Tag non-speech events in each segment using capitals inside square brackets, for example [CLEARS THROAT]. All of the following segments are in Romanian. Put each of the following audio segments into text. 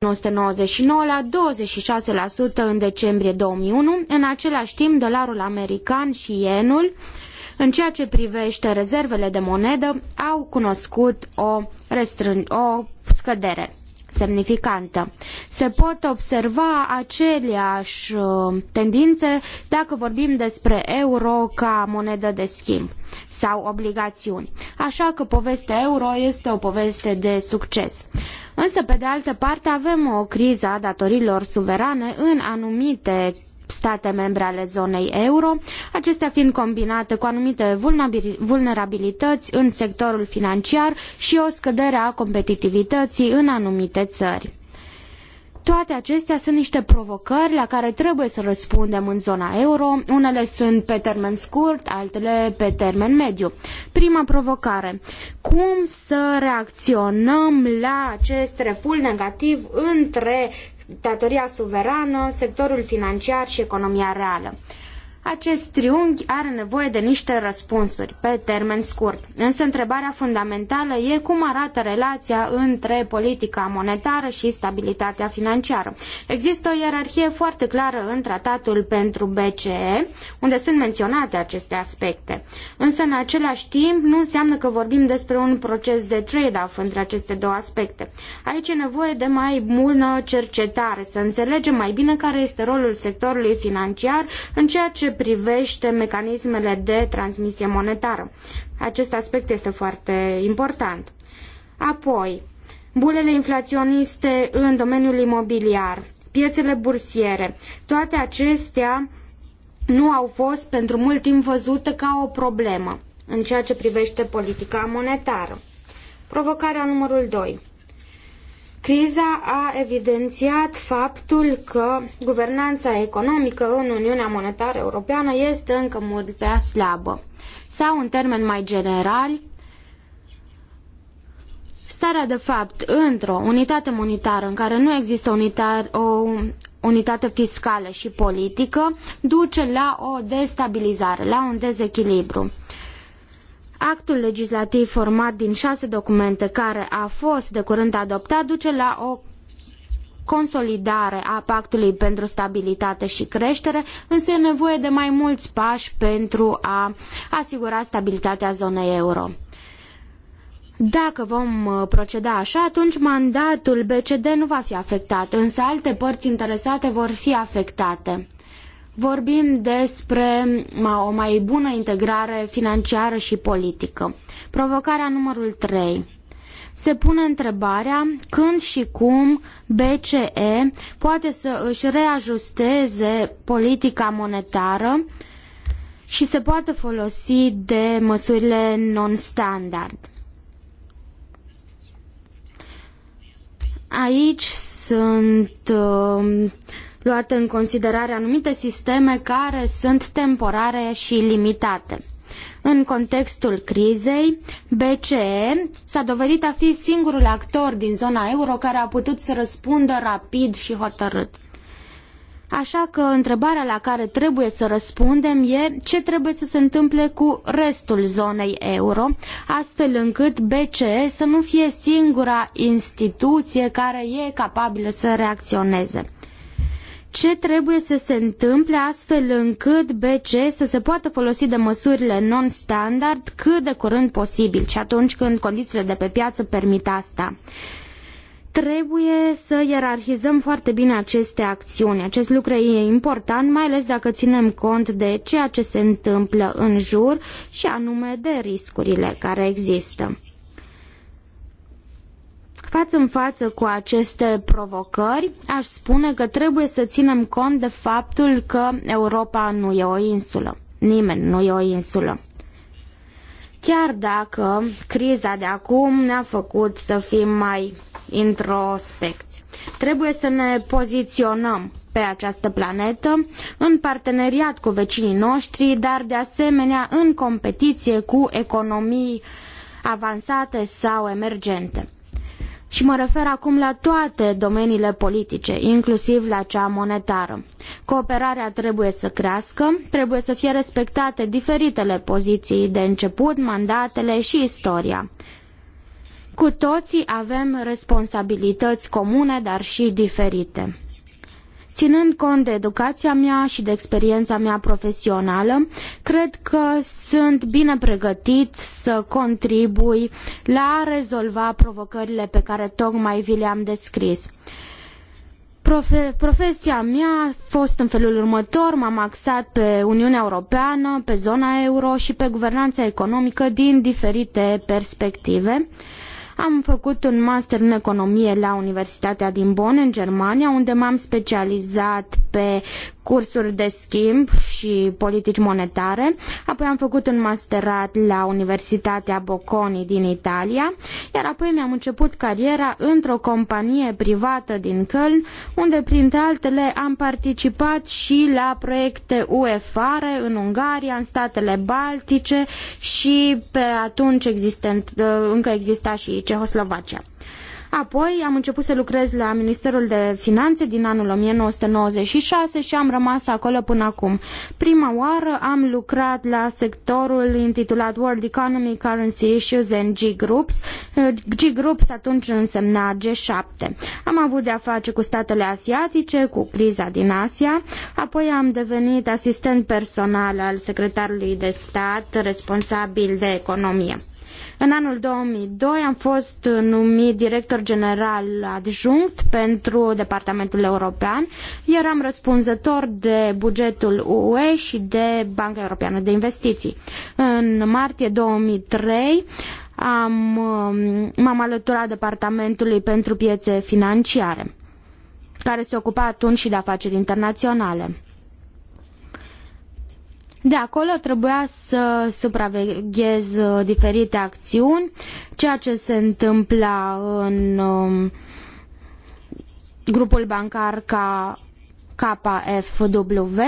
1999 la 26% în decembrie 2001, în același timp dolarul american și yenul, în ceea ce privește rezervele de monedă, au cunoscut o, o scădere semnificantă. Se pot observa aceleași uh, tendințe dacă vorbim despre euro ca monedă de schimb sau obligațiuni. Așa că povestea euro este o poveste de succes. Însă, pe de altă parte, avem o criză a datorilor suverane în anumite state membre ale zonei euro, acestea fiind combinate cu anumite vulnerabilități în sectorul financiar și o scădere a competitivității în anumite țări. Toate acestea sunt niște provocări la care trebuie să răspundem în zona euro. Unele sunt pe termen scurt, altele pe termen mediu. Prima provocare. Cum să reacționăm la acest reful negativ între datoria suverană, sectorul financiar și economia reală. Acest triunghi are nevoie de niște răspunsuri pe termen scurt. Însă întrebarea fundamentală e cum arată relația între politica monetară și stabilitatea financiară. Există o ierarhie foarte clară în tratatul pentru BCE, unde sunt menționate aceste aspecte. Însă în același timp nu înseamnă că vorbim despre un proces de trade-off între aceste două aspecte. Aici e nevoie de mai multă cercetare, să înțelegem mai bine care este rolul sectorului financiar în ceea ce ce privește mecanismele de transmisie monetară. Acest aspect este foarte important. Apoi, bulele inflaționiste în domeniul imobiliar, piețele bursiere, toate acestea nu au fost pentru mult timp văzute ca o problemă în ceea ce privește politica monetară. Provocarea numărul doi Criza a evidențiat faptul că guvernanța economică în Uniunea Monetară Europeană este încă mult prea slabă. Sau, în termeni mai generali, starea de fapt într-o unitate monetară în care nu există unitar, o unitate fiscală și politică duce la o destabilizare, la un dezechilibru. Actul legislativ format din șase documente care a fost de curând adoptat duce la o consolidare a pactului pentru stabilitate și creștere, însă e nevoie de mai mulți pași pentru a asigura stabilitatea zonei euro. Dacă vom uh, proceda așa, atunci mandatul BCD nu va fi afectat, însă alte părți interesate vor fi afectate. Vorbim despre o mai bună integrare financiară și politică. Provocarea numărul 3 se pune întrebarea când și cum BCE poate să își reajusteze politica monetară și se poate folosi de măsurile non-standard. Aici sunt uh, luate în considerare anumite sisteme care sunt temporare și limitate. În contextul crizei, BCE s-a dovedit a fi singurul actor din zona euro care a putut să răspundă rapid și hotărât. Așa că întrebarea la care trebuie să răspundem e ce trebuie să se întâmple cu restul zonei euro, astfel încât BCE să nu fie singura instituție care e capabilă să reacționeze ce trebuie să se întâmple astfel încât BC să se poată folosi de măsurile non-standard cât de curând posibil și atunci când condițiile de pe piață permit asta trebuie să ierarhizăm foarte bine aceste acțiuni. Acest lucru e important, mai ales dacă ținem cont de ceea ce se întâmplă în jur și anume de riscurile care există. Față în față cu aceste provocări, aș spune că trebuie să ținem cont de faptul că Europa nu e o insulă. Nimeni nu e o insulă. Chiar dacă criza de acum ne-a făcut să fim mai introspecți, trebuie să ne poziționăm pe această planetă în parteneriat cu vecinii noștri, dar de asemenea în competiție cu economii avansate sau emergente. Și mă refer acum la toate domeniile politice, inclusiv la cea monetară. Cooperarea trebuie să crească, trebuie să fie respectate diferitele poziții de început, mandatele și istoria. Cu toții avem responsabilități comune, dar și diferite. Ținând cont de educația mea și de experiența mea profesională, cred că sunt bine pregătit să contribui la a rezolva provocările pe care tocmai vi le-am descris. Profe profesia mea a fost în felul următor, m-am axat pe Uniunea Europeană, pe zona euro și pe guvernanța economică din diferite perspective. Am făcut un master în economie la Universitatea din Bonn, în Germania, unde m-am specializat pe cursuri de schimb și politici monetare. Apoi am făcut un masterat la Universitatea Bocconi din Italia, iar apoi mi-am început cariera într-o companie privată din Köln, unde printre altele am participat și la proiecte UEFARE în Ungaria, în statele Baltice și pe atunci existent, încă exista și Cehoslovacia. Apoi am început să lucrez la Ministerul de Finanțe din anul 1996 și am rămas acolo până acum. Prima oară am lucrat la sectorul intitulat World Economy, Currency Issues and G-Groups. G-Groups atunci însemna G7. Am avut de-a face cu statele asiatice, cu criza din Asia, apoi am devenit asistent personal al secretarului de stat responsabil de economie. În anul 2002 am fost numit director general adjunct pentru Departamentul European, iar am răspunzător de bugetul UE și de Banca Europeană de Investiții. În martie 2003 am, m-am alăturat Departamentului pentru Piețe Financiare care se ocupa atunci și de afaceri internaționale. De acolo trebuia să supraveghez uh, diferite acțiuni, ceea ce se întâmpla în um, grupul bancar ca KFW.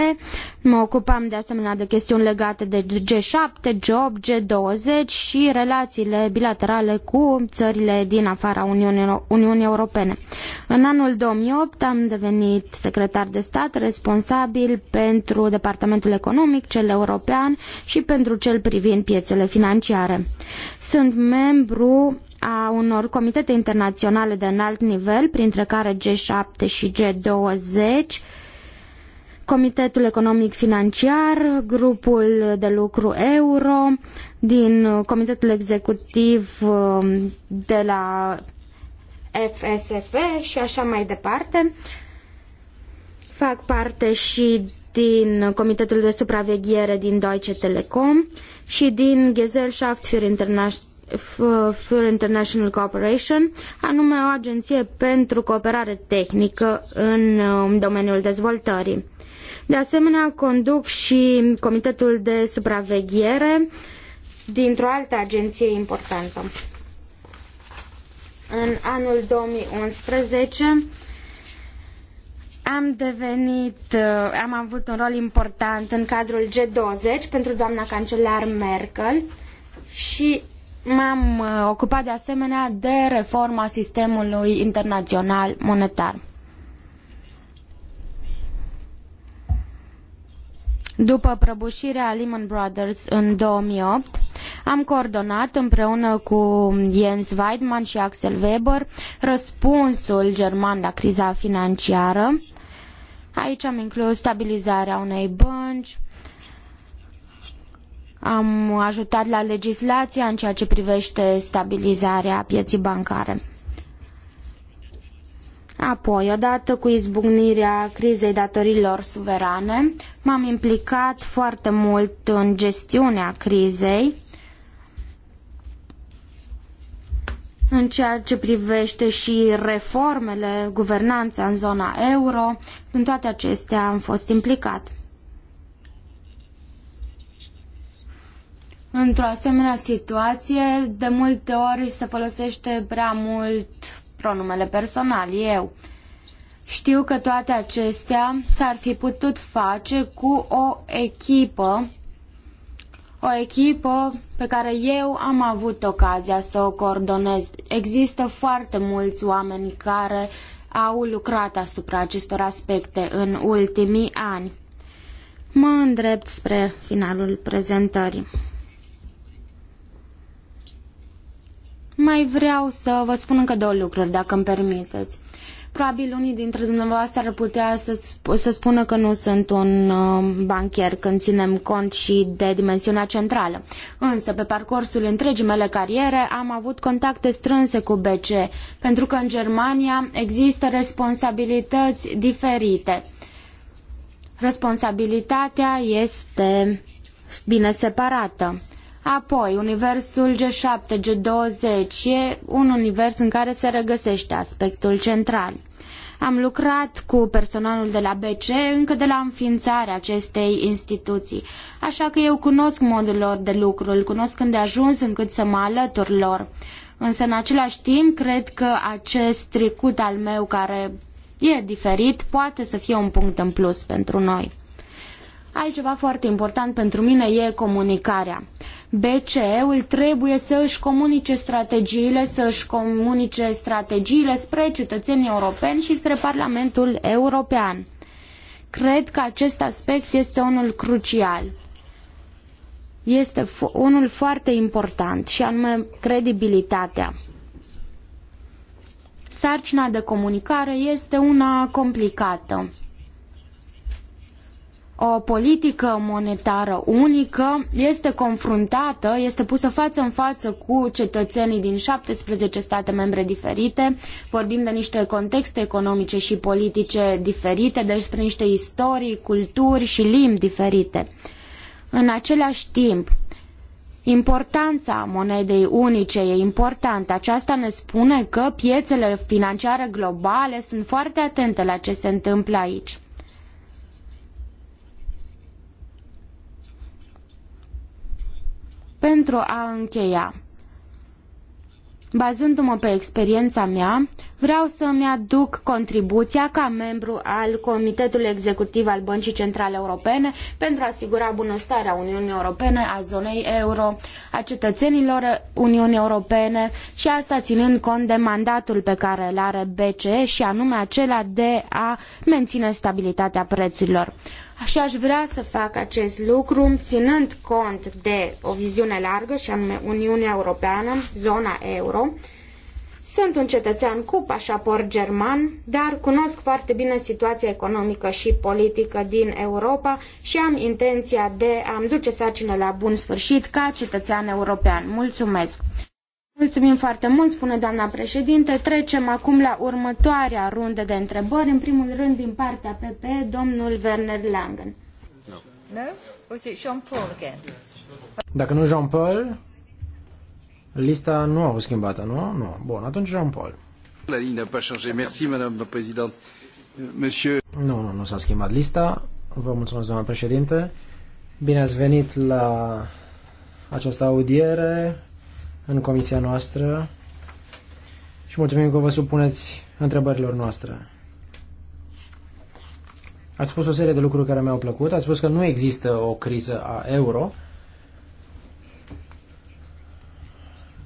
Mă ocupam de asemenea de chestiuni legate de G7, G8, G20 și relațiile bilaterale cu țările din afara Uniunii, Uniunii Europene. În anul 2008 am devenit secretar de stat responsabil pentru departamentul economic, cel european și pentru cel privind piețele financiare. Sunt membru a unor comitete internaționale de înalt nivel, printre care G7 și G20, Comitetul Economic Financiar, grupul de lucru Euro, din Comitetul Executiv um, de la FSF și așa mai departe. Fac parte și din Comitetul de Supraveghere din Deutsche Telekom și din Gesellschaft für International International Cooperation, anume o agenție pentru cooperare tehnică în um, domeniul dezvoltării. De asemenea, conduc și Comitetul de Supraveghere dintr-o altă agenție importantă. În anul 2011 am devenit, uh, am avut un rol important în cadrul G20 pentru doamna cancelar Merkel și m-am uh, ocupat de asemenea de reforma sistemului internațional monetar. După prăbușirea Lehman Brothers în 2008, am coordonat împreună cu Jens Weidmann și Axel Weber răspunsul german la criza financiară. Aici am inclus stabilizarea unei bănci, am ajutat la legislația în ceea ce privește stabilizarea pieții bancare. Apoi, odată cu izbucnirea crizei datorilor suverane, m-am implicat foarte mult în gestiunea crizei, în ceea ce privește și reformele, guvernanța în zona euro, în toate acestea am fost implicat. Într-o asemenea situație, de multe ori se folosește prea mult pronumele personal, eu. Știu că toate acestea s-ar fi putut face cu o echipă, o echipă pe care eu am avut ocazia să o coordonez. Există foarte mulți oameni care au lucrat asupra acestor aspecte în ultimii ani. Mă îndrept spre finalul prezentării. Mai vreau să vă spun încă două lucruri, dacă îmi permiteți. Probabil unii dintre dumneavoastră ar putea să, sp- să spună că nu sunt un uh, când ținem cont și de dimensiunea centrală. Însă, pe parcursul întregii mele cariere am avut contacte strânse cu BCE, pentru că în Germania există responsabilități diferite. Responsabilitatea este bine separată. Apoi, universul G7, G20 e un univers în care se regăsește aspectul central. Am lucrat cu personalul de la BC încă de la înființarea acestei instituții, așa că eu cunosc modul lor de lucru, îl cunosc când de ajuns încât să mă alătur lor. Însă, în același timp, cred că acest trecut al meu care e diferit poate să fie un punct în plus pentru noi. Altceva foarte important pentru mine e comunicarea. BCE-ul trebuie să își comunice strategiile, să își comunice strategiile spre cetățenii europeni și spre Parlamentul European. Cred că acest aspect este unul crucial. Este unul foarte important și anume credibilitatea. Sarcina de comunicare este una complicată o politică monetară unică este confruntată, este pusă față în față cu cetățenii din 17 state membre diferite. Vorbim de niște contexte economice și politice diferite, despre niște istorii, culturi și limbi diferite. În același timp, Importanța monedei unice e importantă. Aceasta ne spune că piețele financiare globale sunt foarte atente la ce se întâmplă aici. Pentru a încheia, bazându-mă pe experiența mea, Vreau să-mi aduc contribuția ca membru al Comitetului Executiv al Băncii Centrale Europene pentru a asigura bunăstarea Uniunii Europene, a zonei euro, a cetățenilor Uniunii Europene și asta ținând cont de mandatul pe care îl are BCE și anume acela de a menține stabilitatea prețurilor. Și aș vrea să fac acest lucru ținând cont de o viziune largă și anume Uniunea Europeană, zona euro, sunt un cetățean cu pașaport german, dar cunosc foarte bine situația economică și politică din Europa și am intenția de a-mi duce sarcină la bun sfârșit ca cetățean european. Mulțumesc! Mulțumim foarte mult, spune doamna președinte. Trecem acum la următoarea rundă de întrebări. În primul rând, din partea PP, domnul Werner Langen. No? Was paul Dacă nu Jean-Paul, Lista nu a fost schimbată, nu? Nu. Bun, atunci Jean-Paul. La n a pas changé. Merci, Madame la Présidente. Monsieur... Nu, nu, nu s-a schimbat lista. Vă mulțumesc, doamna președinte. Bine ați venit la această audiere în comisia noastră și mulțumim că vă supuneți întrebărilor noastre. Ați spus o serie de lucruri care mi-au plăcut. Ați spus că nu există o criză a euro,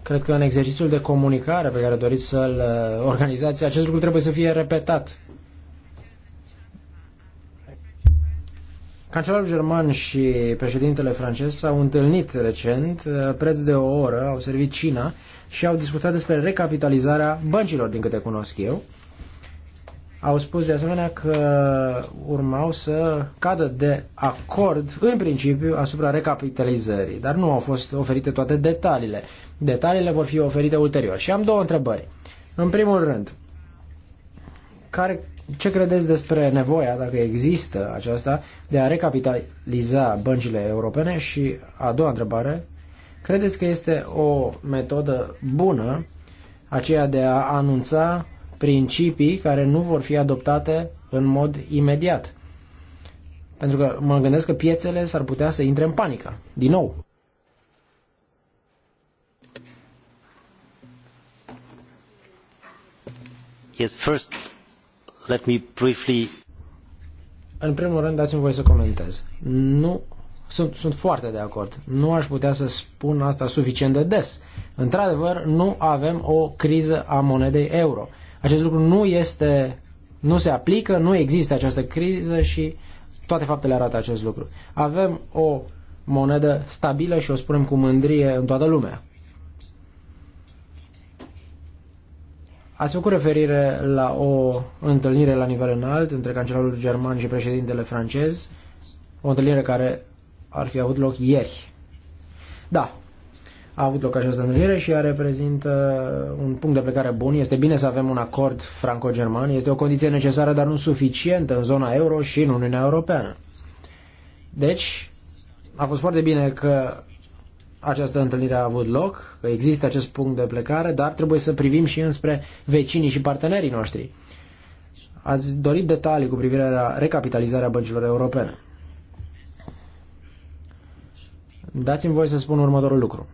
Cred că în exercițiul de comunicare pe care doriți să-l uh, organizați, acest lucru trebuie să fie repetat. Cancelarul german și președintele francez s-au întâlnit recent, uh, preț de o oră, au servit cina și au discutat despre recapitalizarea băncilor, din câte cunosc eu au spus de asemenea că urmau să cadă de acord în principiu asupra recapitalizării, dar nu au fost oferite toate detaliile. Detaliile vor fi oferite ulterior. Și am două întrebări. În primul rând, care, ce credeți despre nevoia, dacă există aceasta, de a recapitaliza băncile europene? Și a doua întrebare, credeți că este o metodă bună aceea de a anunța principii care nu vor fi adoptate în mod imediat. Pentru că mă gândesc că piețele s-ar putea să intre în panică. Din nou. Yes, first, let me briefly... În primul rând, dați-mi voie să comentez. Nu, sunt, sunt foarte de acord. Nu aș putea să spun asta suficient de des. Într-adevăr, nu avem o criză a monedei euro. Acest lucru nu este, nu se aplică, nu există această criză și toate faptele arată acest lucru. Avem o monedă stabilă și o spunem cu mândrie în toată lumea. Ați făcut referire la o întâlnire la nivel înalt între cancelarul german și președintele francez, o întâlnire care ar fi avut loc ieri. Da, a avut loc această întâlnire și ea reprezintă un punct de plecare bun. Este bine să avem un acord franco-german, este o condiție necesară, dar nu suficientă în zona euro și în Uniunea Europeană. Deci, a fost foarte bine că această întâlnire a avut loc, că există acest punct de plecare, dar trebuie să privim și înspre vecinii și partenerii noștri. Ați dorit detalii cu privire la recapitalizarea băncilor europene. Dați-mi voie să spun următorul lucru.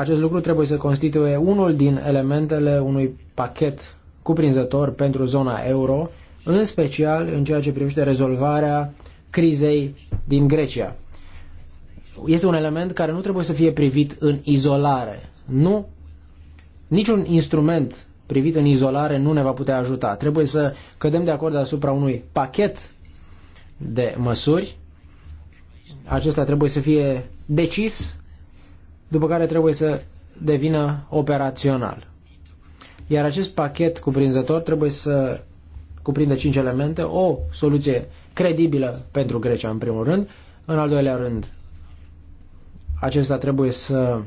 Acest lucru trebuie să constituie unul din elementele unui pachet cuprinzător pentru zona euro, în special în ceea ce privește rezolvarea crizei din Grecia. Este un element care nu trebuie să fie privit în izolare. Nu, niciun instrument privit în izolare nu ne va putea ajuta. Trebuie să cădem de acord asupra unui pachet de măsuri. Acesta trebuie să fie decis după care trebuie să devină operațional. Iar acest pachet cuprinzător trebuie să cuprindă cinci elemente, o soluție credibilă pentru Grecia în primul rând, în al doilea rând acesta trebuie să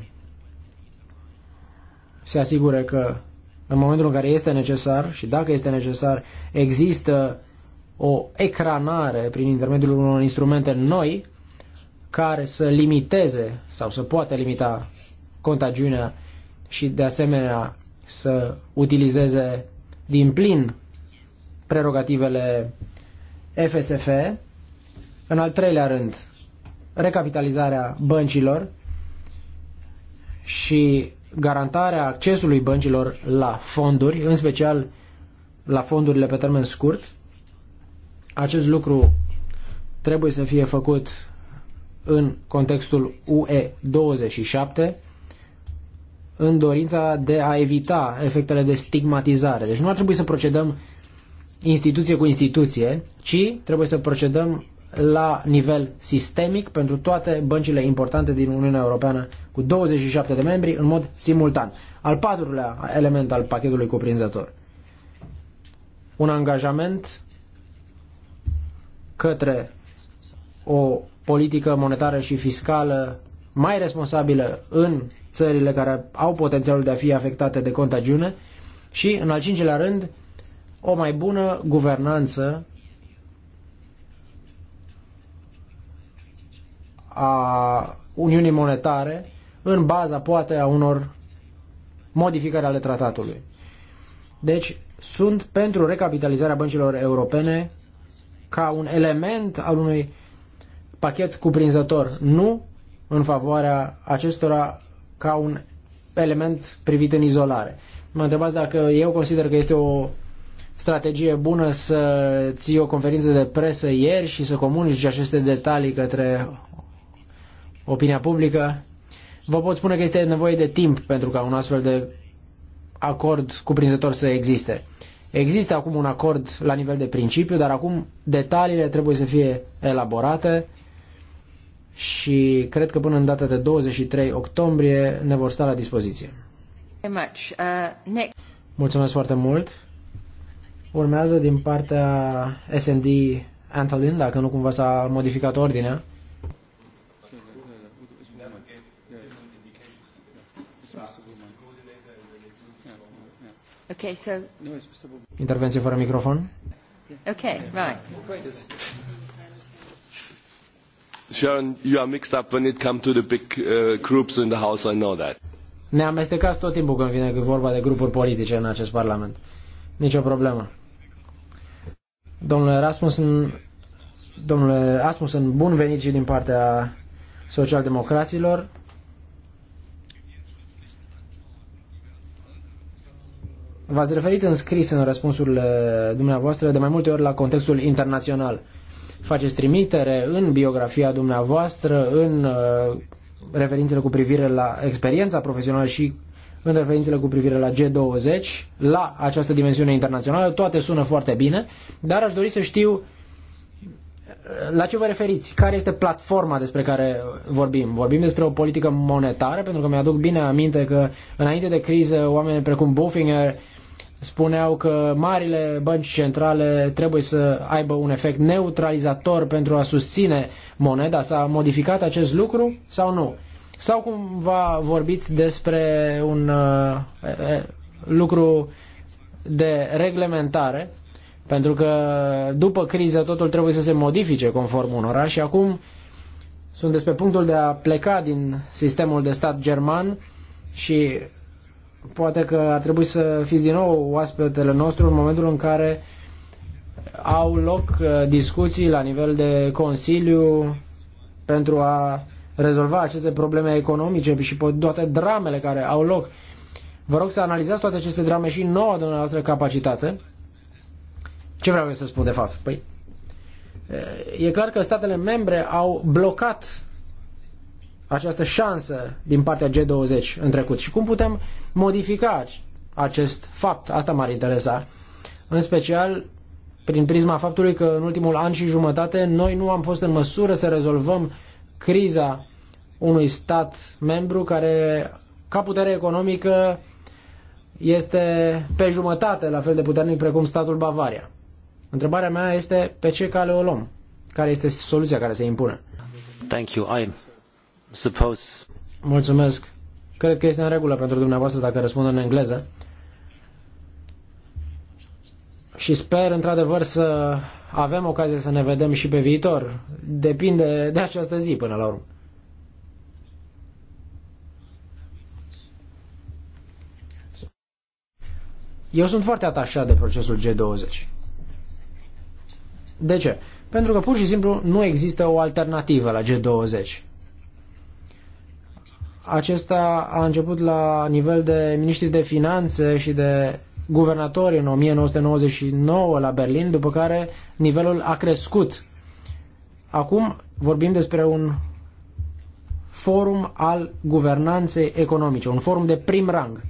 se asigure că în momentul în care este necesar și dacă este necesar există o ecranare prin intermediul unor instrumente noi care să limiteze sau să poată limita contagiunea și de asemenea să utilizeze din plin prerogativele FSF. În al treilea rând, recapitalizarea băncilor și garantarea accesului băncilor la fonduri, în special la fondurile pe termen scurt. Acest lucru trebuie să fie făcut în contextul UE27 în dorința de a evita efectele de stigmatizare. Deci nu ar trebui să procedăm instituție cu instituție, ci trebuie să procedăm la nivel sistemic pentru toate băncile importante din Uniunea Europeană cu 27 de membri în mod simultan. Al patrulea element al pachetului cuprinzător. Un angajament către o politică monetară și fiscală mai responsabilă în țările care au potențialul de a fi afectate de contagiune și, în al cincilea rând, o mai bună guvernanță a Uniunii Monetare în baza, poate, a unor modificări ale tratatului. Deci, sunt pentru recapitalizarea băncilor europene ca un element al unui pachet cuprinzător, nu în favoarea acestora ca un element privit în izolare. Mă întrebați dacă eu consider că este o strategie bună să ții o conferință de presă ieri și să comunici aceste detalii către opinia publică. Vă pot spune că este nevoie de timp pentru ca un astfel de acord cuprinzător să existe. Există acum un acord la nivel de principiu, dar acum detaliile trebuie să fie elaborate și cred că până în data de 23 octombrie ne vor sta la dispoziție. Uh, Mulțumesc foarte mult. Urmează din partea S&D Antolin, dacă nu cumva s-a modificat ordinea. Okay, so... Intervenție fără microfon. Okay, right. Sharon, you are mixed up when it comes to the big uh, groups in the House, I know that. Ne amestecați tot timpul când vine vorba de grupuri politice în acest Parlament. Nicio problemă. Domnule Rasmussen, domnule Rasmussen, bun venit și din partea socialdemocraților. V-ați referit în scris în răspunsurile dumneavoastră de mai multe ori la contextul internațional faceți trimitere în biografia dumneavoastră, în uh, referințele cu privire la experiența profesională și în referințele cu privire la G20, la această dimensiune internațională, toate sună foarte bine, dar aș dori să știu uh, la ce vă referiți? Care este platforma despre care vorbim? Vorbim despre o politică monetară, pentru că mi-aduc bine aminte că înainte de criză oameni precum Bofinger spuneau că marile bănci centrale trebuie să aibă un efect neutralizator pentru a susține moneda. S-a modificat acest lucru sau nu? Sau cumva vorbiți despre un uh, lucru de reglementare, pentru că după criză totul trebuie să se modifice conform unora și acum sunt despre punctul de a pleca din sistemul de stat german și poate că ar trebui să fiți din nou oaspetele nostru în momentul în care au loc uh, discuții la nivel de Consiliu pentru a rezolva aceste probleme economice și toate dramele care au loc. Vă rog să analizați toate aceste drame și noua dumneavoastră capacitate. Ce vreau eu să spun de fapt? Păi, e clar că statele membre au blocat această șansă din partea G20 în trecut și cum putem modifica acest fapt. Asta m-ar interesa. În special prin prisma faptului că în ultimul an și jumătate noi nu am fost în măsură să rezolvăm criza unui stat membru care ca putere economică este pe jumătate la fel de puternic precum statul Bavaria. Întrebarea mea este pe ce cale o luăm? Care este soluția care se impune? Thank you. I'm suppose... Mulțumesc. Cred că este în regulă pentru dumneavoastră dacă răspund în engleză. Și sper într-adevăr să avem ocazia să ne vedem și pe viitor. Depinde de această zi până la urmă. Eu sunt foarte atașat de procesul G20. De ce? Pentru că pur și simplu nu există o alternativă la G20. Acesta a început la nivel de miniștri de finanțe și de guvernatori în 1999 la Berlin, după care nivelul a crescut. Acum vorbim despre un forum al guvernanței economice, un forum de prim rang.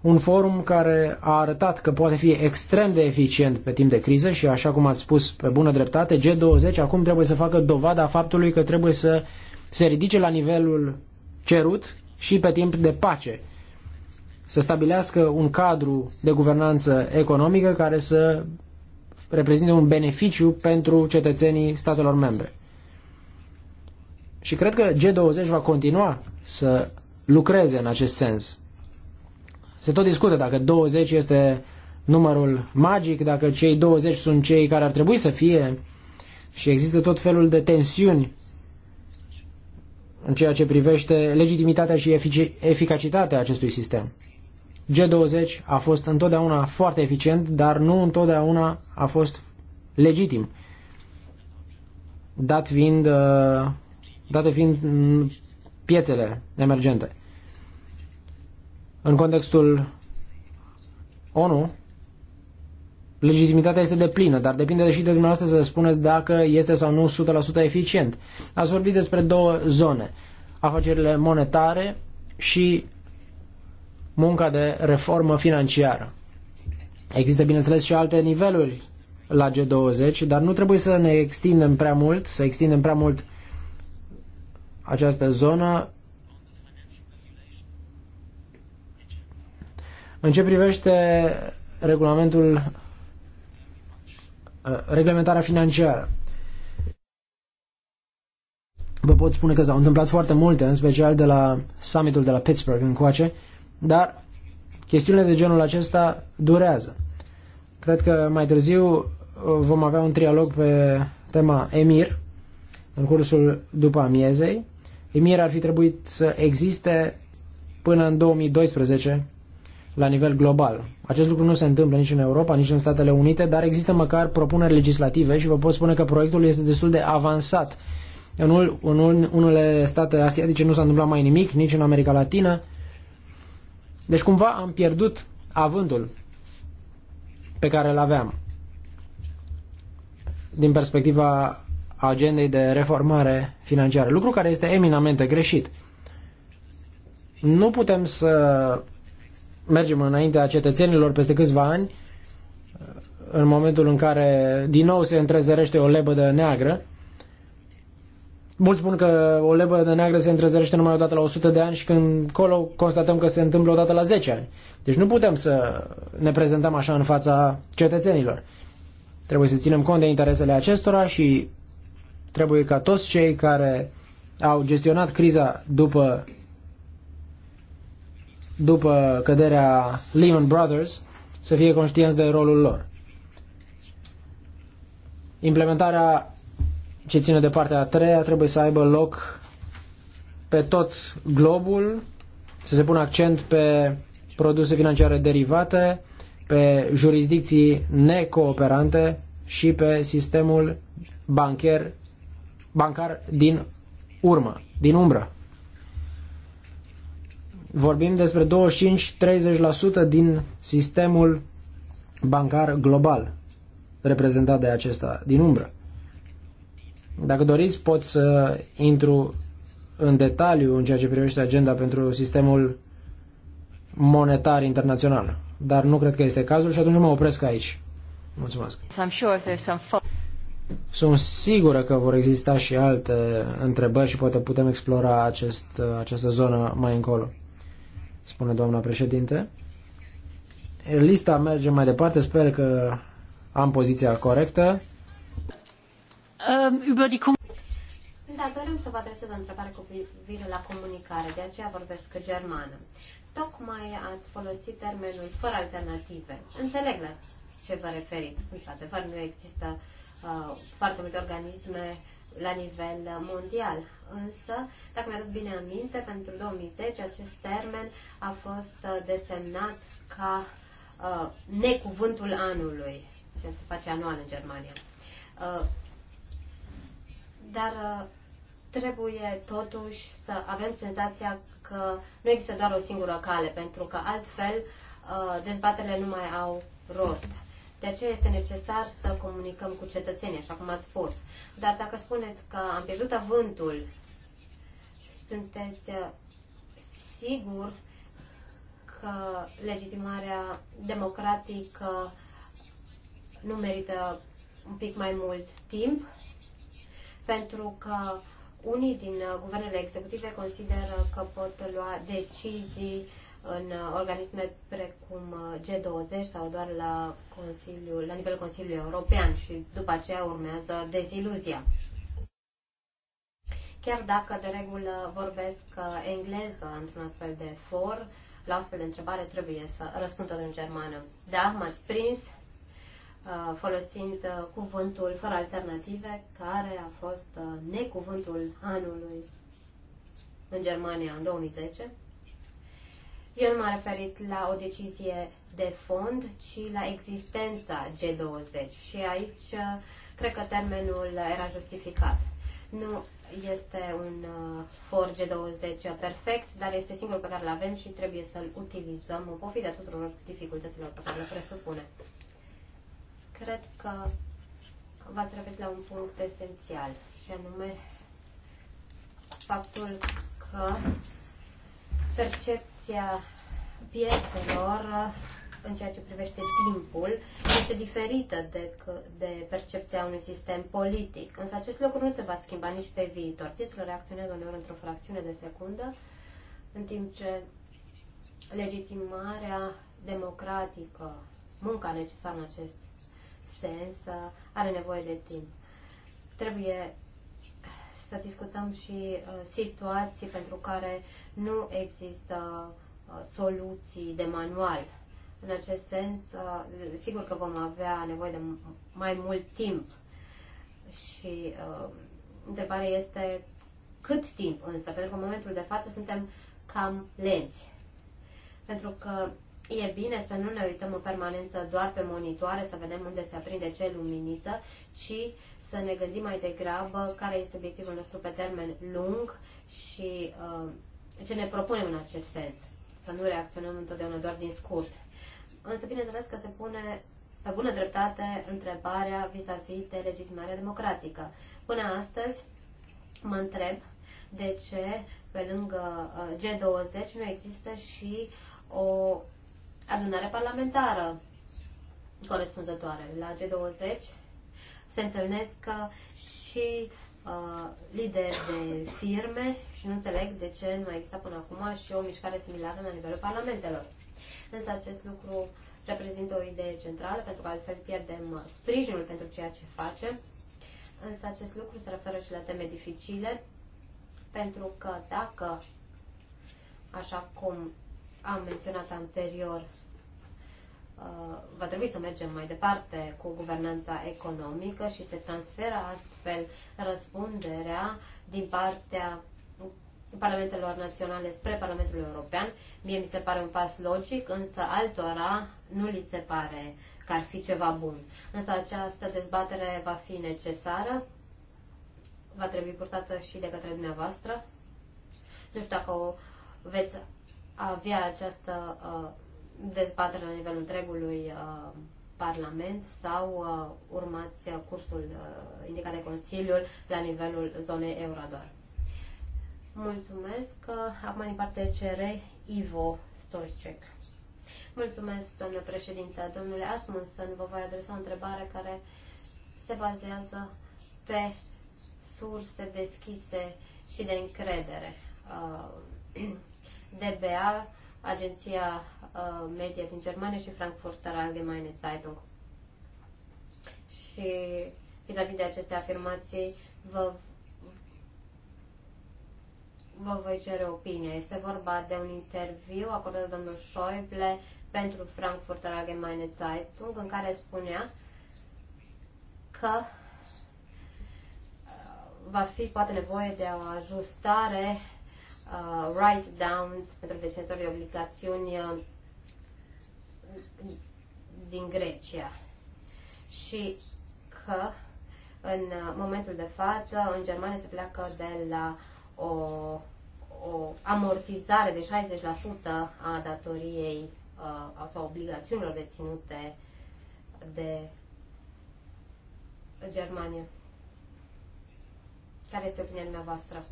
Un forum care a arătat că poate fi extrem de eficient pe timp de criză și, așa cum ați spus pe bună dreptate, G20 acum trebuie să facă dovada faptului că trebuie să uh, se ridice la nivelul cerut și pe timp de pace. Să stabilească un cadru de guvernanță economică care să reprezinte un beneficiu pentru cetățenii statelor membre. Și cred că G20 va continua să lucreze în acest sens. Se tot discută dacă 20 este numărul magic, dacă cei 20 sunt cei care ar trebui să fie și există tot felul de tensiuni în ceea ce privește legitimitatea și efic eficacitatea acestui sistem. G20 a fost întotdeauna foarte eficient, dar nu întotdeauna a fost legitim. Dat fiind, uh, date fiind mm, piețele emergente. În contextul ONU, legitimitatea este de plină, dar depinde și de dumneavoastră să spuneți dacă este sau nu 100% eficient. Ați vorbit despre două zone, afacerile monetare și munca de reformă financiară. Există, bineînțeles, și alte niveluri la G20, dar nu trebuie să ne extindem prea mult, să extindem prea mult această zonă. În ce privește regulamentul Uh, reglementarea financiară. Vă pot spune că s-au întâmplat foarte multe, în special de la summitul de la Pittsburgh încoace, dar chestiunile de genul acesta durează. Cred că mai târziu uh, vom avea un trialog pe tema Emir în cursul după amiezei. Emir ar fi trebuit să existe până în 2012 la nivel global. Acest lucru nu se întâmplă nici în Europa, nici în Statele Unite, dar există măcar propuneri legislative și vă pot spune că proiectul este destul de avansat. În, un, în unele state asiatice nu s-a întâmplat mai nimic, nici în America Latină. Deci cumva am pierdut avântul pe care îl aveam din perspectiva agendei de reformare financiară, lucru care este eminamente greșit. Nu putem să mergem înaintea cetățenilor peste câțiva ani, în momentul în care din nou se întrezărește o lebădă neagră. Mulți spun că o lebădă neagră se întrezărește numai odată la 100 de ani și când colo constatăm că se întâmplă odată la 10 ani. Deci nu putem să ne prezentăm așa în fața cetățenilor. Trebuie să ținem cont de interesele acestora și trebuie ca toți cei care au gestionat criza după după căderea Lehman Brothers să fie conștienți de rolul lor. Implementarea ce ține de partea a treia trebuie să aibă loc pe tot globul, să se pună accent pe produse financiare derivate, pe jurisdicții necooperante și pe sistemul bancher, bancar din urmă, din umbră vorbim despre 25-30% din sistemul bancar global reprezentat de acesta, din umbră. Dacă doriți, pot să intru în detaliu în ceea ce privește agenda pentru sistemul monetar internațional, dar nu cred că este cazul și atunci mă opresc aici. Mulțumesc. Sunt sigură că vor exista și alte întrebări și poate putem explora acest, această zonă mai încolo spune doamna președinte. Lista merge mai departe, sper că am poziția corectă. Um, da, doream să vă adresez o întrebare cu privire la comunicare, de aceea vorbesc germană. Tocmai ați folosit termenul fără alternative. Înțeleg la ce vă referiți. Într-adevăr, nu există uh, uh, foarte multe organisme la nivel uh, mondial. Însă, dacă mi-aduc bine aminte, pentru 2010 acest termen a fost uh, desemnat ca uh, necuvântul anului, ce se face anual în Germania. Uh, dar uh, trebuie totuși să avem senzația că nu există doar o singură cale, pentru că altfel uh, dezbaterele nu mai au rost. De aceea este necesar să comunicăm cu cetățenii, așa cum ați spus. Dar dacă spuneți că am pierdut avântul, sunteți uh, sigur că legitimarea democratică nu merită un pic mai mult timp, pentru că unii din uh, guvernele executive consideră că pot lua decizii uh, în uh, organisme precum uh, G20 sau doar la, Consiliul, la nivelul Consiliului European și după aceea urmează deziluzia. Chiar dacă de regulă vorbesc uh, engleză într-un astfel de for, la astfel de întrebare trebuie să răspundă în germană. Da, m-ați prins folosind cuvântul fără alternative, care a fost necuvântul anului în Germania în 2010. Eu nu m-am referit la o decizie de fond, ci la existența G20 și aici uh, cred că termenul era justificat. Nu este un uh, for G20 perfect, dar este singurul pe care îl avem și trebuie să-l utilizăm în pofida tuturor dificultăților pe care le presupune. Cred că v-ați referit la un punct esențial și anume faptul că percep situația piețelor uh, în ceea ce privește timpul este diferită de, de percepția unui sistem politic. Însă acest lucru nu se va schimba nici pe viitor. Piețele reacționează uneori într-o fracțiune de secundă, în timp ce legitimarea democratică, munca necesară în acest sens, uh, are nevoie de timp. Trebuie să discutăm și uh, situații pentru care nu există uh, soluții de manual. În acest sens, uh, sigur că vom avea nevoie de mai mult timp și întrebarea este cât timp însă, pentru că în momentul de față suntem cam lenți. Pentru că e bine să nu ne uităm în permanență doar pe monitoare, să vedem unde se aprinde ce luminiță, ci să ne gândim mai degrabă care este obiectivul nostru pe termen lung și uh, ce ne propunem în acest sens. Să nu reacționăm întotdeauna doar din scurt. Însă, bineînțeles că se pune pe bună dreptate întrebarea vis-a-vis -vis de legitimarea democratică. Până astăzi mă întreb de ce pe lângă uh, G20 nu există și o adunare parlamentară corespunzătoare. La G20 se întâlnesc uh, și uh, lideri de firme și nu înțeleg de ce nu a existat până acum și o mișcare similară la nivelul parlamentelor. Însă acest lucru reprezintă o idee centrală, pentru că altfel pierdem sprijinul pentru ceea ce facem. Însă acest lucru se referă și la teme dificile, pentru că dacă, așa cum am menționat anterior, trebui să mergem mai departe cu guvernanța economică și se transferă astfel răspunderea din partea Parlamentelor Naționale spre Parlamentul European. Mie mi se pare un pas logic, însă altora nu li se pare că ar fi ceva bun. Însă această dezbatere va fi necesară, va trebui purtată și de către dumneavoastră. Nu știu dacă o veți avea această uh, dezbatere la nivelul întregului uh, Parlament sau uh, urmați uh, cursul uh, indicat de Consiliul la nivelul zonei eurodor. Mulțumesc. Uh, acum din partea CR, Ivo Stolcek. Mulțumesc, domnule președinte. Domnule Asmussen, vă voi adresa o întrebare care se bazează pe surse deschise și de încredere. Uh, [CLEARS THROAT] DBA agenția uh, media din Germania și Frankfurter Allgemeine Zeitung. Și vis a -vis de aceste afirmații, vă, vă voi cere opinia. Este vorba de un interviu acordat de domnul Schäuble pentru Frankfurter Allgemeine Zeitung, în care spunea că uh, va fi poate nevoie de o ajustare uh, write-downs pentru deținătorii de obligațiuni uh, din Grecia și că în uh, momentul de față în Germania se pleacă de la o, o amortizare de 60% a datoriei uh, sau obligațiunilor deținute de Germania. Care este opinia dumneavoastră?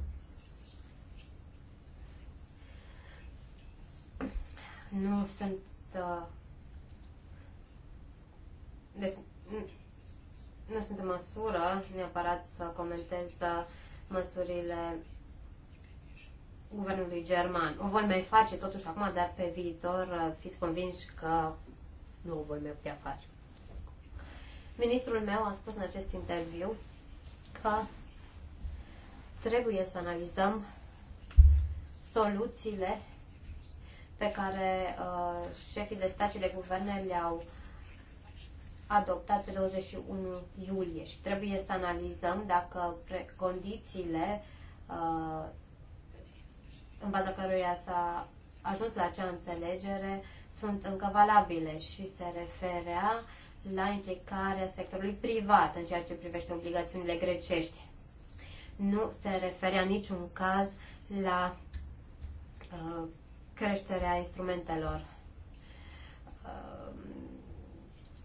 nu sunt... Uh, deci nu sunt în măsură neapărat să comentez uh, măsurile guvernului german. O voi mai face totuși acum, dar pe viitor uh, fiți convinși că nu o voi mai putea face. Ministrul meu a spus în acest interviu că trebuie să analizăm soluțiile pe care uh, șefii de stat și de guverne le-au adoptat pe 21 iulie și trebuie să analizăm dacă condițiile uh, în baza căruia s-a ajuns la acea înțelegere sunt încă valabile și se referea la implicarea sectorului privat în ceea ce privește obligațiunile grecești. Nu se referea niciun caz la uh, creșterea instrumentelor, uh,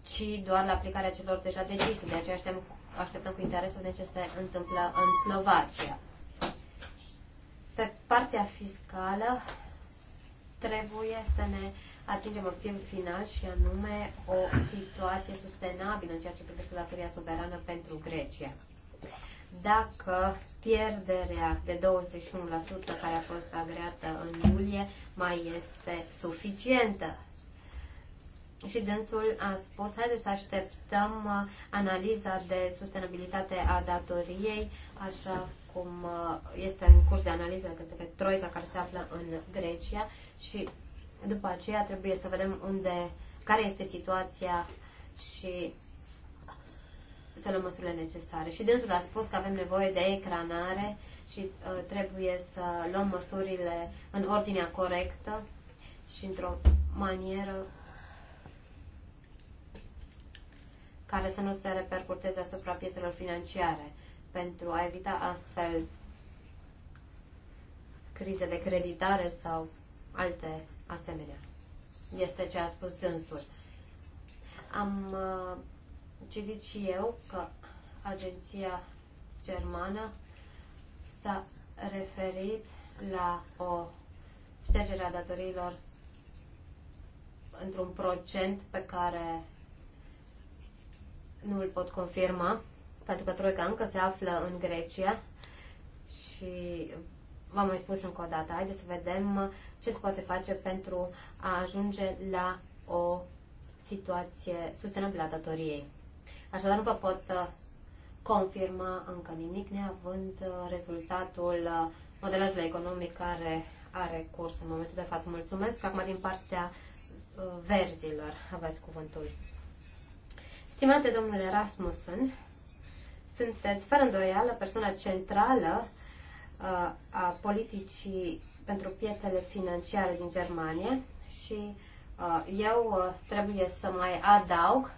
ci doar la aplicarea celor deja decise. De aceea așteptăm, așteptăm cu interes să vedem ce se întâmplă în Slovacia. Pe partea fiscală trebuie să ne atingem timp final și anume o situație sustenabilă în ceea ce privește datoria suverană pentru Grecia dacă pierderea de 21% care a fost agreată în iulie mai este suficientă. Și dânsul a spus, haideți să așteptăm uh, analiza de sustenabilitate a datoriei, așa cum uh, este în curs de analiză de către Troica care se află în Grecia și după aceea trebuie să vedem unde, care este situația și să luăm măsurile necesare. Și dânsul a spus că avem nevoie de ecranare și uh, trebuie să luăm măsurile în ordinea corectă și într-o manieră care să nu se repercuteze asupra piețelor financiare pentru a evita astfel crize de creditare sau alte asemenea. Este ce a spus dânsul. Am uh, citit și eu că agenția germană s-a referit la o ștergere a datoriilor într-un procent pe care nu îl pot confirma, pentru că Troica încă se află în Grecia și v-am mai spus încă o dată, haideți să vedem ce se poate face pentru a ajunge la o situație sustenabilă a datoriei. Așadar, nu vă pot uh, confirma încă nimic, neavând uh, rezultatul uh, modelajului economic care are curs în momentul de față. Mulțumesc. Acum, din partea verzilor, aveți cuvântul. Stimate domnule Rasmussen, sunteți fără îndoială persoana centrală a politicii pentru piețele financiare din Germania și eu trebuie să mai adaug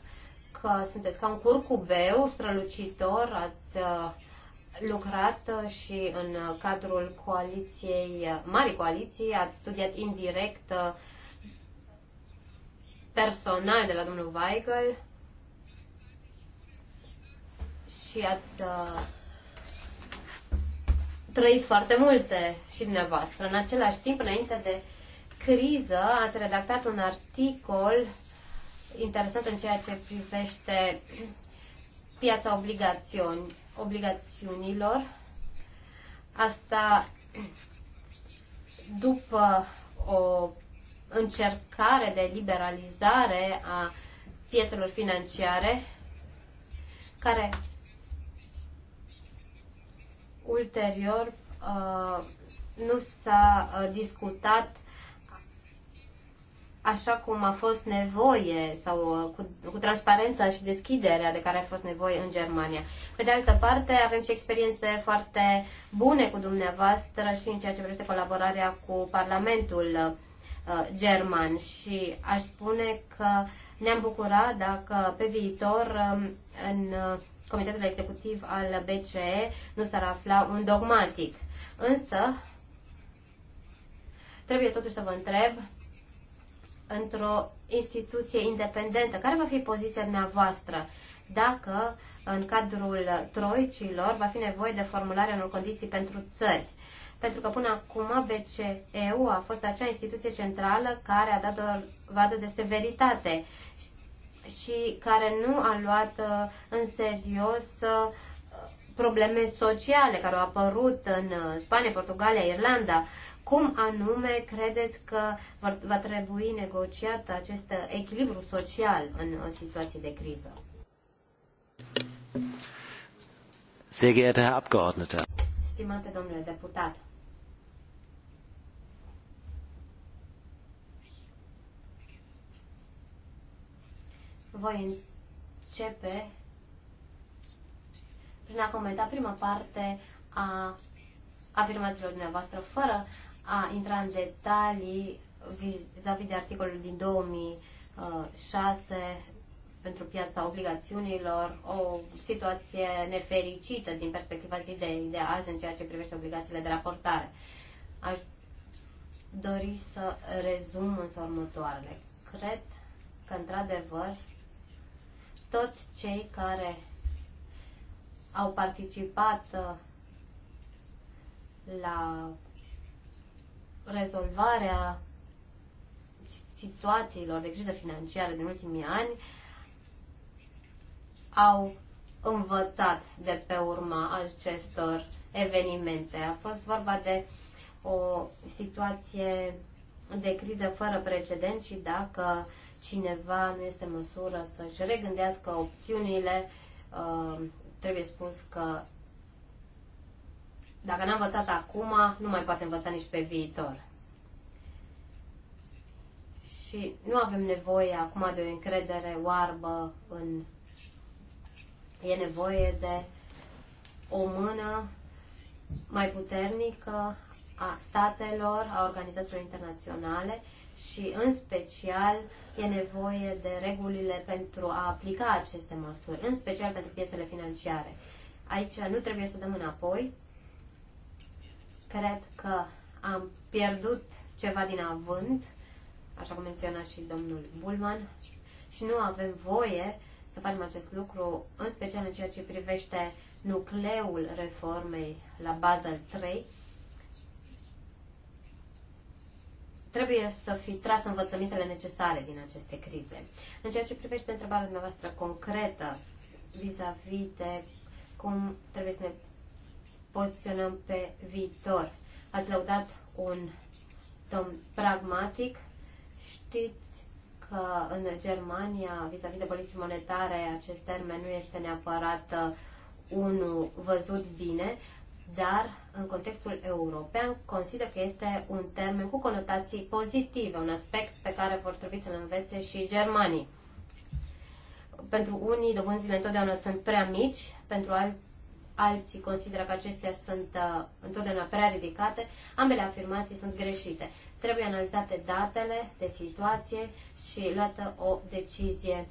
că sunteți ca un curcubeu strălucitor, ați uh, lucrat uh, și în cadrul coaliției, uh, mari Coaliții, ați studiat indirect personal de la domnul Weigel și ați trăit foarte multe și dumneavoastră. În același timp, înainte de criză, ați redactat un articol interesant în ceea ce privește piața obligațiuni, obligațiunilor. Asta după o încercare de liberalizare a piețelor financiare care ulterior uh, nu s-a uh, discutat așa cum a fost nevoie sau uh, cu, cu transparența și deschiderea de care a fost nevoie în Germania. Pe de altă parte, avem și experiențe foarte bune cu dumneavoastră și în ceea ce privește colaborarea cu Parlamentul uh, german și aș spune că ne-am bucurat dacă pe viitor um, în uh, Comitetul Executiv al BCE nu s-ar afla un dogmatic. Însă, trebuie totuși să vă întreb într-o instituție independentă. Care va fi poziția dumneavoastră dacă în cadrul troicilor va fi nevoie de formularea unor condiții pentru țări? Pentru că până acum BCEU a fost acea instituție centrală care a dat o vadă de severitate și care nu a luat uh, în serios uh, probleme sociale care au apărut în uh, Spania, Portugalia, Irlanda, cum anume credeți că va trebui negociat acest echilibru social în situații de criză? Sehr Herr Stimate domnule deputat. Voi începe prin a comenta prima parte a afirmațiilor dumneavoastră, fără a intra în detalii vis-a-vis de articolul din 2006 pentru piața obligațiunilor, o situație nefericită din perspectiva zilei de azi în ceea ce privește obligațiile de raportare. Aș dori să rezum însă următoarele. Cred că, într-adevăr, toți cei care au participat uh, la rezolvarea situațiilor de criză financiară din ultimii ani au învățat de pe urma acestor evenimente. A fost vorba de o situație de criză fără precedent și dacă cineva nu este în măsură să-și regândească opțiunile, uh, trebuie spus că dacă n-a învățat acum, nu mai poate învăța nici pe viitor. Și nu avem nevoie acum de o încredere oarbă în... E nevoie de o mână mai puternică a statelor, a organizațiilor internaționale și, în special, e nevoie de regulile pentru a aplica aceste măsuri, în special pentru piețele financiare. Aici nu trebuie să dăm înapoi, Cred că am pierdut ceva din avânt, așa cum menționa și domnul Bulman, și nu avem voie să facem acest lucru, în special în ceea ce privește nucleul reformei la Basel 3. Trebuie să fi tras învățămintele necesare din aceste crize. În ceea ce privește întrebarea dumneavoastră concretă vis-a-vis -vis de cum trebuie să ne poziționăm pe viitor. Ați lăudat un domn pragmatic. Știți că în Germania, vis-a-vis -vis de politici monetare, acest termen nu este neapărat uh, unul văzut bine, dar în contextul european consider că este un termen cu conotații pozitive, un aspect pe care vor trebui să-l învețe și germanii. Pentru unii, dobânzile întotdeauna sunt prea mici, pentru alții alții consideră că acestea sunt uh, întotdeauna prea ridicate, ambele afirmații sunt greșite. Trebuie analizate datele de situație și luată o decizie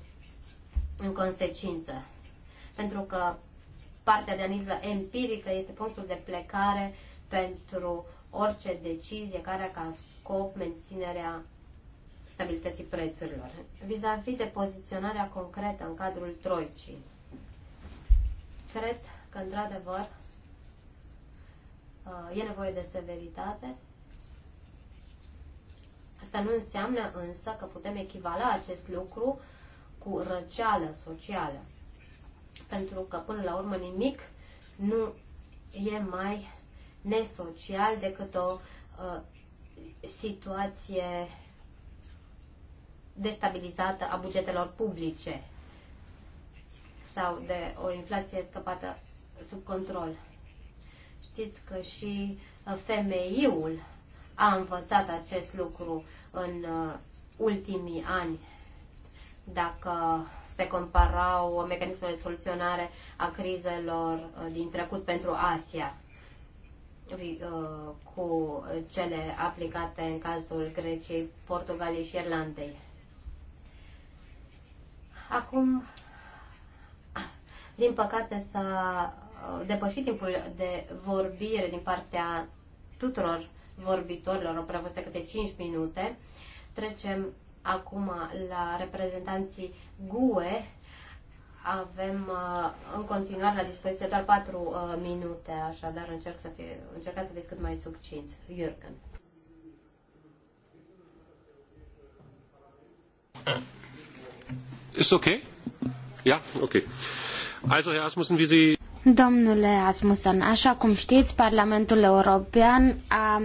în consecință. Pentru că partea de analiză empirică este punctul de plecare pentru orice decizie care are ca scop menținerea stabilității prețurilor. Vis-a-vis -vis de poziționarea concretă în cadrul Troicii, cred că, într-adevăr, uh, e nevoie de severitate. Asta nu înseamnă însă că putem echivala acest lucru cu răceală socială. Pentru că, până la urmă, nimic nu e mai nesocial decât o uh, situație destabilizată a bugetelor publice sau de o inflație scăpată sub control. Știți că și uh, femeiul a învățat acest lucru în uh, ultimii ani. Dacă se comparau mecanismele de soluționare a crizelor uh, din trecut pentru Asia cu cele aplicate în cazul Greciei, Portugaliei și Irlandei. Acum, din păcate, s-a depășit timpul de vorbire din partea tuturor vorbitorilor, au prevăzut câte 5 minute. Trecem acum la reprezentanții GUE. Avem uh, în continuare la dispoziție doar 4 uh, minute, așadar încerc să fie, încercați să fiți cât mai succinți. Jürgen. Ist okay? Ja, okay. Also, Herr Asmussen, wie Sie Domnule Asmussen, așa cum știți, Parlamentul European a,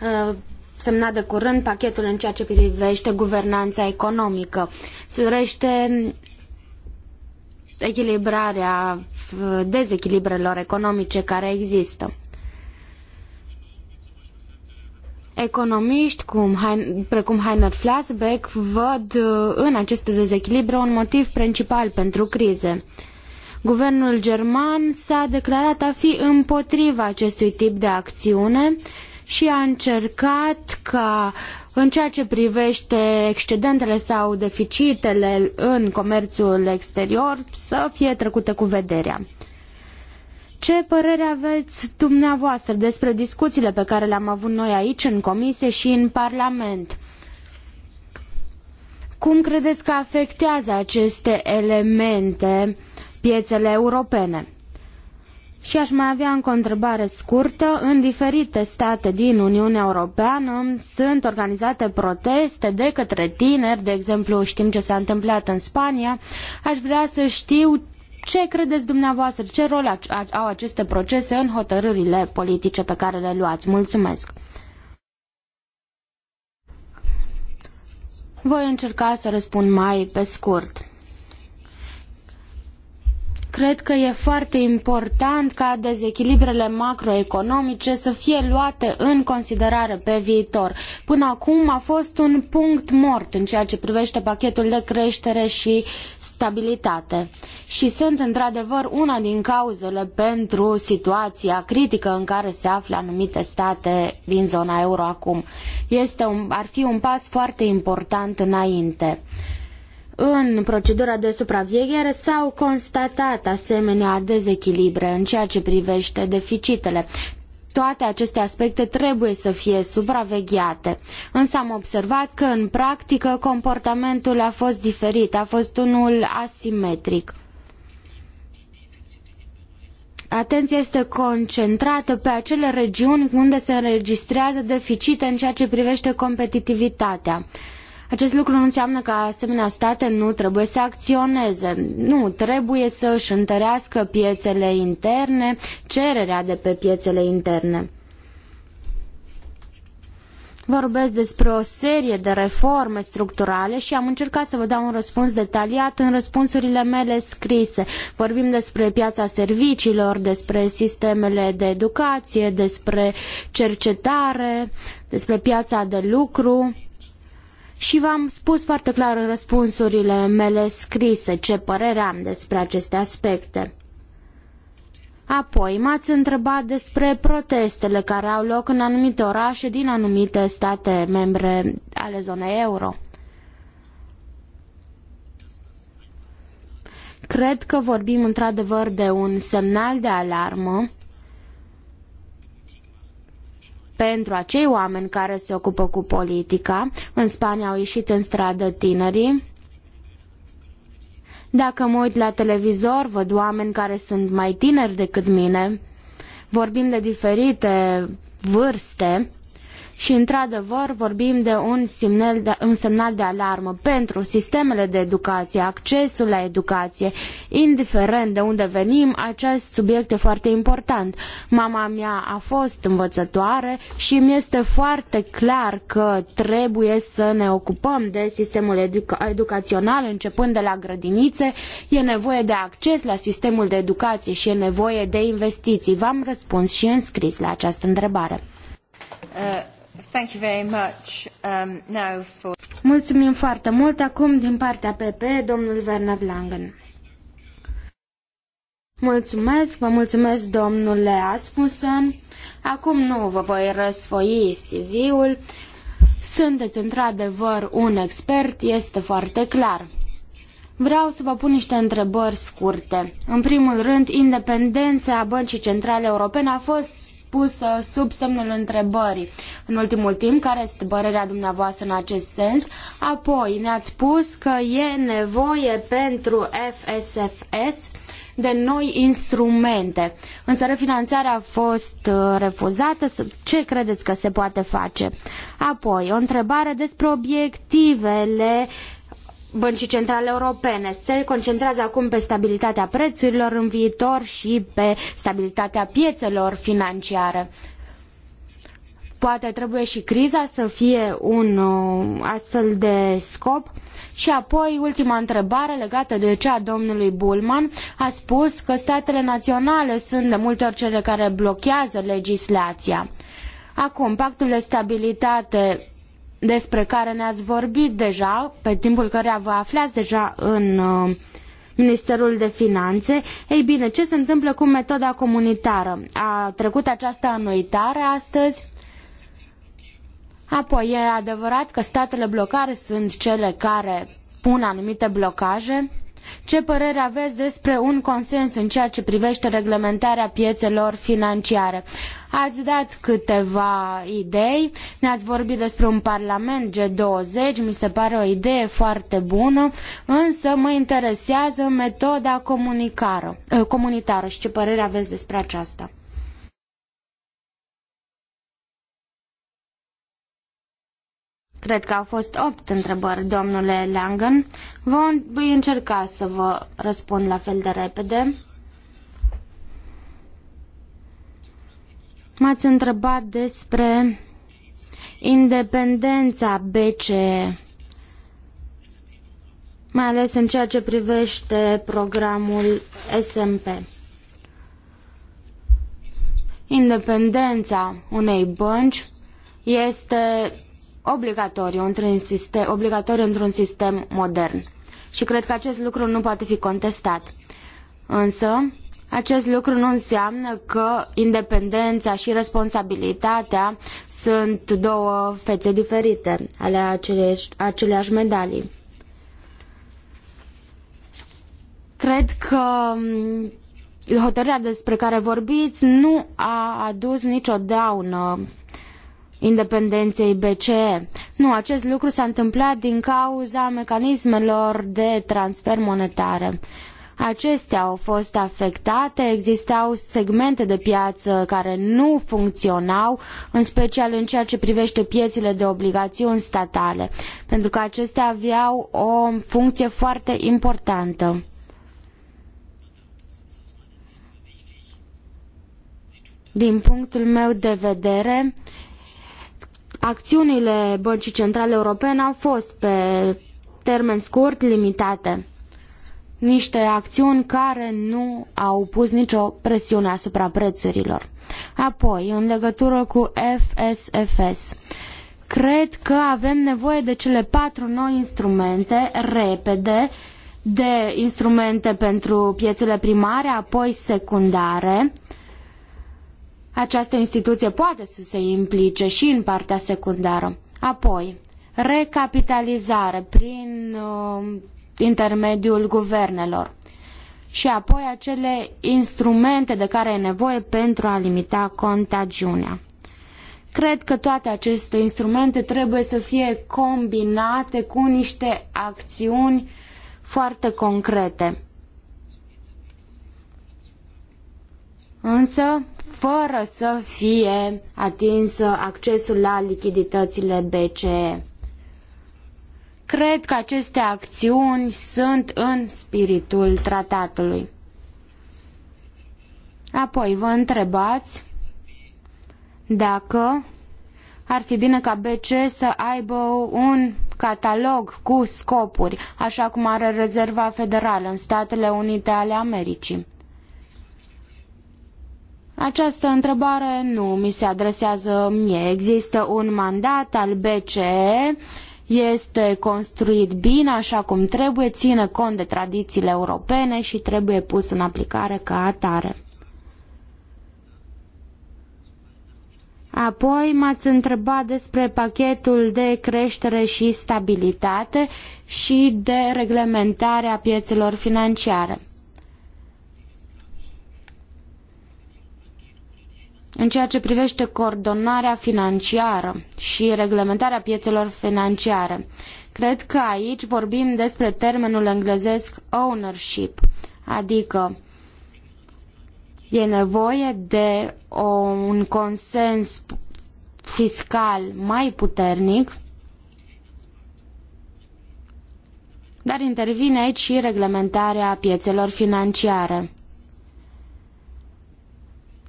a semnat de curând pachetul în ceea ce privește guvernanța economică. Surește echilibrarea dezechilibrelor economice care există. Economiști cum, precum Heiner Flassbeck văd uh, în aceste dezechilibre un motiv principal pentru crize. Guvernul german s-a declarat a fi împotriva acestui tip de acțiune și a încercat ca în ceea ce privește excedentele sau deficitele în comerțul exterior să fie trecute cu vederea. Ce părere aveți dumneavoastră despre discuțiile pe care le-am avut noi aici, în comisie și în Parlament? Cum credeți că afectează aceste elemente uh, piețele europene. Și aș mai avea încă o întrebare scurtă. În diferite state din Uniunea Europeană sunt organizate proteste de către tineri, de exemplu știm ce s-a întâmplat în Spania. Aș vrea să știu ce credeți dumneavoastră, ce rol au aceste procese în hotărârile politice pe care le luați? Mulțumesc! Voi încerca să răspund mai pe scurt. Cred că e foarte important ca dezechilibrele macroeconomice să fie luate în considerare pe viitor. Până acum a fost un punct mort în ceea ce privește pachetul de creștere și stabilitate. Și sunt într-adevăr una din cauzele pentru situația critică în care se află anumite state din zona euro acum. Este un, ar fi un pas foarte important înainte. În procedura de supraveghere s-au constatat asemenea dezechilibre în ceea ce privește deficitele. Toate aceste aspecte trebuie să fie supravegheate, însă am observat că în practică comportamentul a fost diferit, a fost unul asimetric. Atenția este concentrată pe acele regiuni unde se înregistrează deficite în ceea ce privește competitivitatea. Acest lucru nu înseamnă că asemenea state nu trebuie să acționeze. Nu, trebuie să își întărească piețele interne, cererea de pe piețele interne. Vorbesc despre o serie de reforme structurale și am încercat să vă dau un răspuns detaliat în răspunsurile mele scrise. Vorbim despre piața serviciilor, despre sistemele de educație, despre cercetare, despre piața de lucru și v-am spus foarte clar în răspunsurile mele scrise ce părere am despre aceste aspecte. Apoi m-ați întrebat despre protestele care au loc în anumite orașe din anumite state membre ale zonei euro. Cred că vorbim într-adevăr de un semnal de alarmă pentru acei oameni care se ocupă cu politica. În Spania au ieșit în stradă tinerii. Dacă mă uit la televizor, văd oameni care sunt mai tineri decât mine. Vorbim de diferite vârste și, într-adevăr, vorbim de un, semnal de un semnal de alarmă pentru sistemele de educație, accesul la educație. Indiferent de unde venim, acest subiect e foarte important. Mama mea a fost învățătoare și mi este foarte clar că trebuie să ne ocupăm de sistemul educa- educațional, începând de la grădinițe. E nevoie de acces la sistemul de educație și e nevoie de investiții. V-am răspuns și în scris la această întrebare. Uh, Thank you very much. Um, now for... Mulțumim foarte mult. Acum, din partea PP, domnul Werner Langen. Mulțumesc, vă mulțumesc, domnule Asmussen. Acum nu vă voi răsfoi CV-ul. Sunteți într-adevăr un expert, este foarte clar. Vreau să vă pun niște întrebări scurte. În primul rând, independența Băncii Centrale Europene a fost pusă sub semnul întrebării în ultimul timp. Care este părerea dumneavoastră în acest sens? Apoi ne-ați spus că e nevoie pentru FSFS de noi instrumente. Însă refinanțarea a fost uh, refuzată. Ce credeți că se poate face? Apoi, o întrebare despre obiectivele uh, Băncii Centrale Europene. Se concentrează acum pe stabilitatea prețurilor în viitor și pe stabilitatea piețelor financiare. Poate trebuie și criza să fie un uh, astfel de scop. Și apoi, ultima întrebare legată de cea a domnului Bulman, a spus că statele naționale sunt de multe ori cele care blochează legislația. Acum, pactul de stabilitate despre care ne-ați vorbit deja, pe timpul căreia vă aflați deja în uh, Ministerul de Finanțe. Ei bine, ce se întâmplă cu metoda comunitară? A trecut această anuitare astăzi? Apoi, e adevărat că statele blocare sunt cele care pun anumite blocaje? Ce părere aveți despre un consens în ceea ce privește reglementarea piețelor financiare? Ați dat câteva idei, ne-ați vorbit despre un parlament G20, mi se pare o idee foarte bună, însă mă interesează metoda comunitară și ce părere aveți despre aceasta. Cred că au fost opt întrebări, domnule Langen. Voi încerca să vă răspund la fel de repede. M-ați întrebat despre independența BCE, mai ales în ceea ce privește programul SMP. Independența unei bănci este obligatoriu într-un sistem, obligatoriu într-un sistem modern. Și cred că acest lucru nu poate fi contestat. Însă, acest lucru nu înseamnă că independența și responsabilitatea sunt două fețe diferite ale aceleși, aceleași medalii. Cred că mm, hotărârea despre care vorbiți nu a adus nicio daună independenței BCE. Nu, acest lucru s-a întâmplat din cauza mecanismelor de transfer monetare. Acestea au fost afectate, existau segmente de piață care nu funcționau, în special în ceea ce privește piețele de obligațiuni statale, pentru că acestea aveau o funcție foarte importantă. Din punctul meu de vedere, acțiunile Băncii Centrale Europene au fost pe termen scurt limitate. Niște acțiuni care nu au pus nicio presiune asupra prețurilor. Apoi, în legătură cu FSFS, cred că avem nevoie de cele patru noi instrumente repede, de instrumente pentru piețele primare, apoi secundare, uh, această instituție poate să se implice și în partea secundară. Apoi, recapitalizare prin uh, intermediul guvernelor și apoi acele instrumente de care e nevoie pentru a limita contagiunea. Cred că toate aceste instrumente trebuie să fie combinate cu niște acțiuni foarte concrete. Însă, fără să fie atins accesul la lichiditățile BCE. Cred că aceste acțiuni sunt în spiritul tratatului. Apoi vă întrebați dacă ar fi bine ca BCE să aibă un catalog cu scopuri, așa cum are Rezerva Federală în Statele Unite ale Americii. Această întrebare nu mi se adresează mie. Există un mandat al BCE, este construit bine așa cum trebuie, ține cont de tradițiile europene și trebuie pus în aplicare ca atare. Apoi m-ați întrebat despre pachetul de creștere și stabilitate și de reglementare a piețelor financiare. în ceea ce privește coordonarea financiară și reglementarea piețelor financiare. Cred că aici vorbim despre termenul englezesc ownership, adică e nevoie de o, un consens fiscal mai puternic, dar intervine aici și reglementarea piețelor financiare.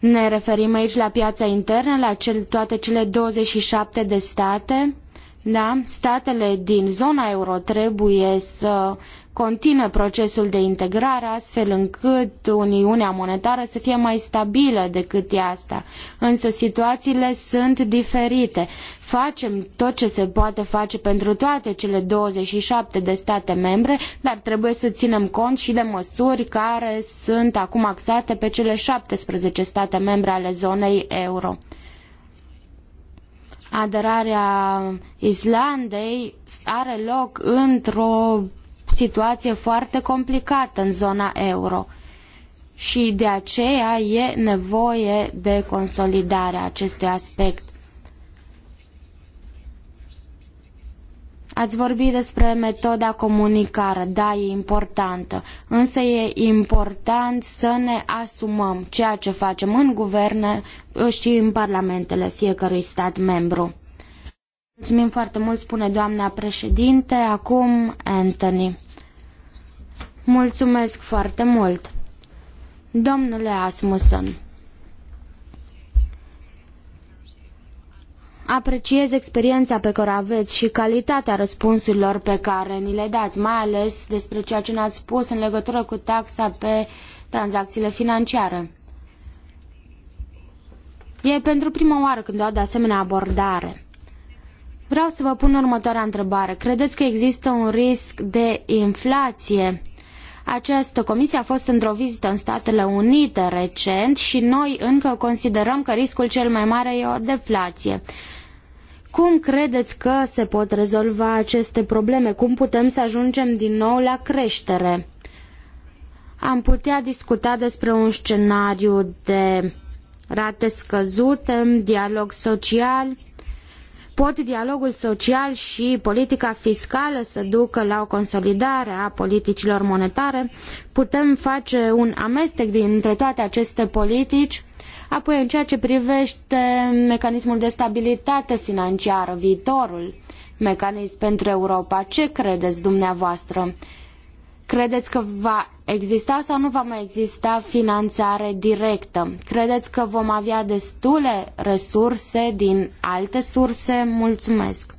Ne referim aici la piața internă, la cel, toate cele 27 de state. Da? Statele din zona euro trebuie să continuă procesul de integrare astfel încât Uniunea Monetară să fie mai stabilă decât e asta. Însă situațiile sunt diferite. Facem tot ce se poate face pentru toate cele 27 de state membre, dar trebuie să ținem cont și de măsuri care sunt acum axate pe cele 17 state membre ale zonei euro aderarea Islandei are loc într-o situație foarte complicată în zona euro și de aceea e nevoie de consolidarea acestui aspect. Ați vorbit despre metoda comunicare, da, e importantă, însă e important să ne asumăm ceea ce facem în guverne și în parlamentele fiecărui stat membru. Mulțumim foarte mult, spune doamna președinte, acum Anthony. Mulțumesc foarte mult! Domnule Asmussen, apreciez experiența pe care o aveți și calitatea răspunsurilor pe care ni le dați, mai ales despre ceea ce ne-ați spus în legătură cu taxa pe tranzacțiile financiare. E pentru prima oară când o de asemenea abordare. Vreau să vă pun următoarea întrebare. Credeți că există un risc de inflație această comisie a fost într-o vizită în Statele Unite recent și noi încă considerăm că riscul cel mai mare e o deflație. Cum credeți că se pot rezolva aceste probleme? Cum putem să ajungem din nou la creștere? Am putea discuta despre un scenariu de rate scăzute, dialog social, pot dialogul social și politica fiscală să ducă la o consolidare a politicilor monetare? Putem face un amestec dintre toate aceste politici? Apoi, în ceea ce privește mecanismul de stabilitate financiară, viitorul mecanism pentru Europa, ce credeți dumneavoastră? Credeți că va exista sau nu va mai exista finanțare directă? Credeți că vom avea destule resurse din alte surse? Mulțumesc!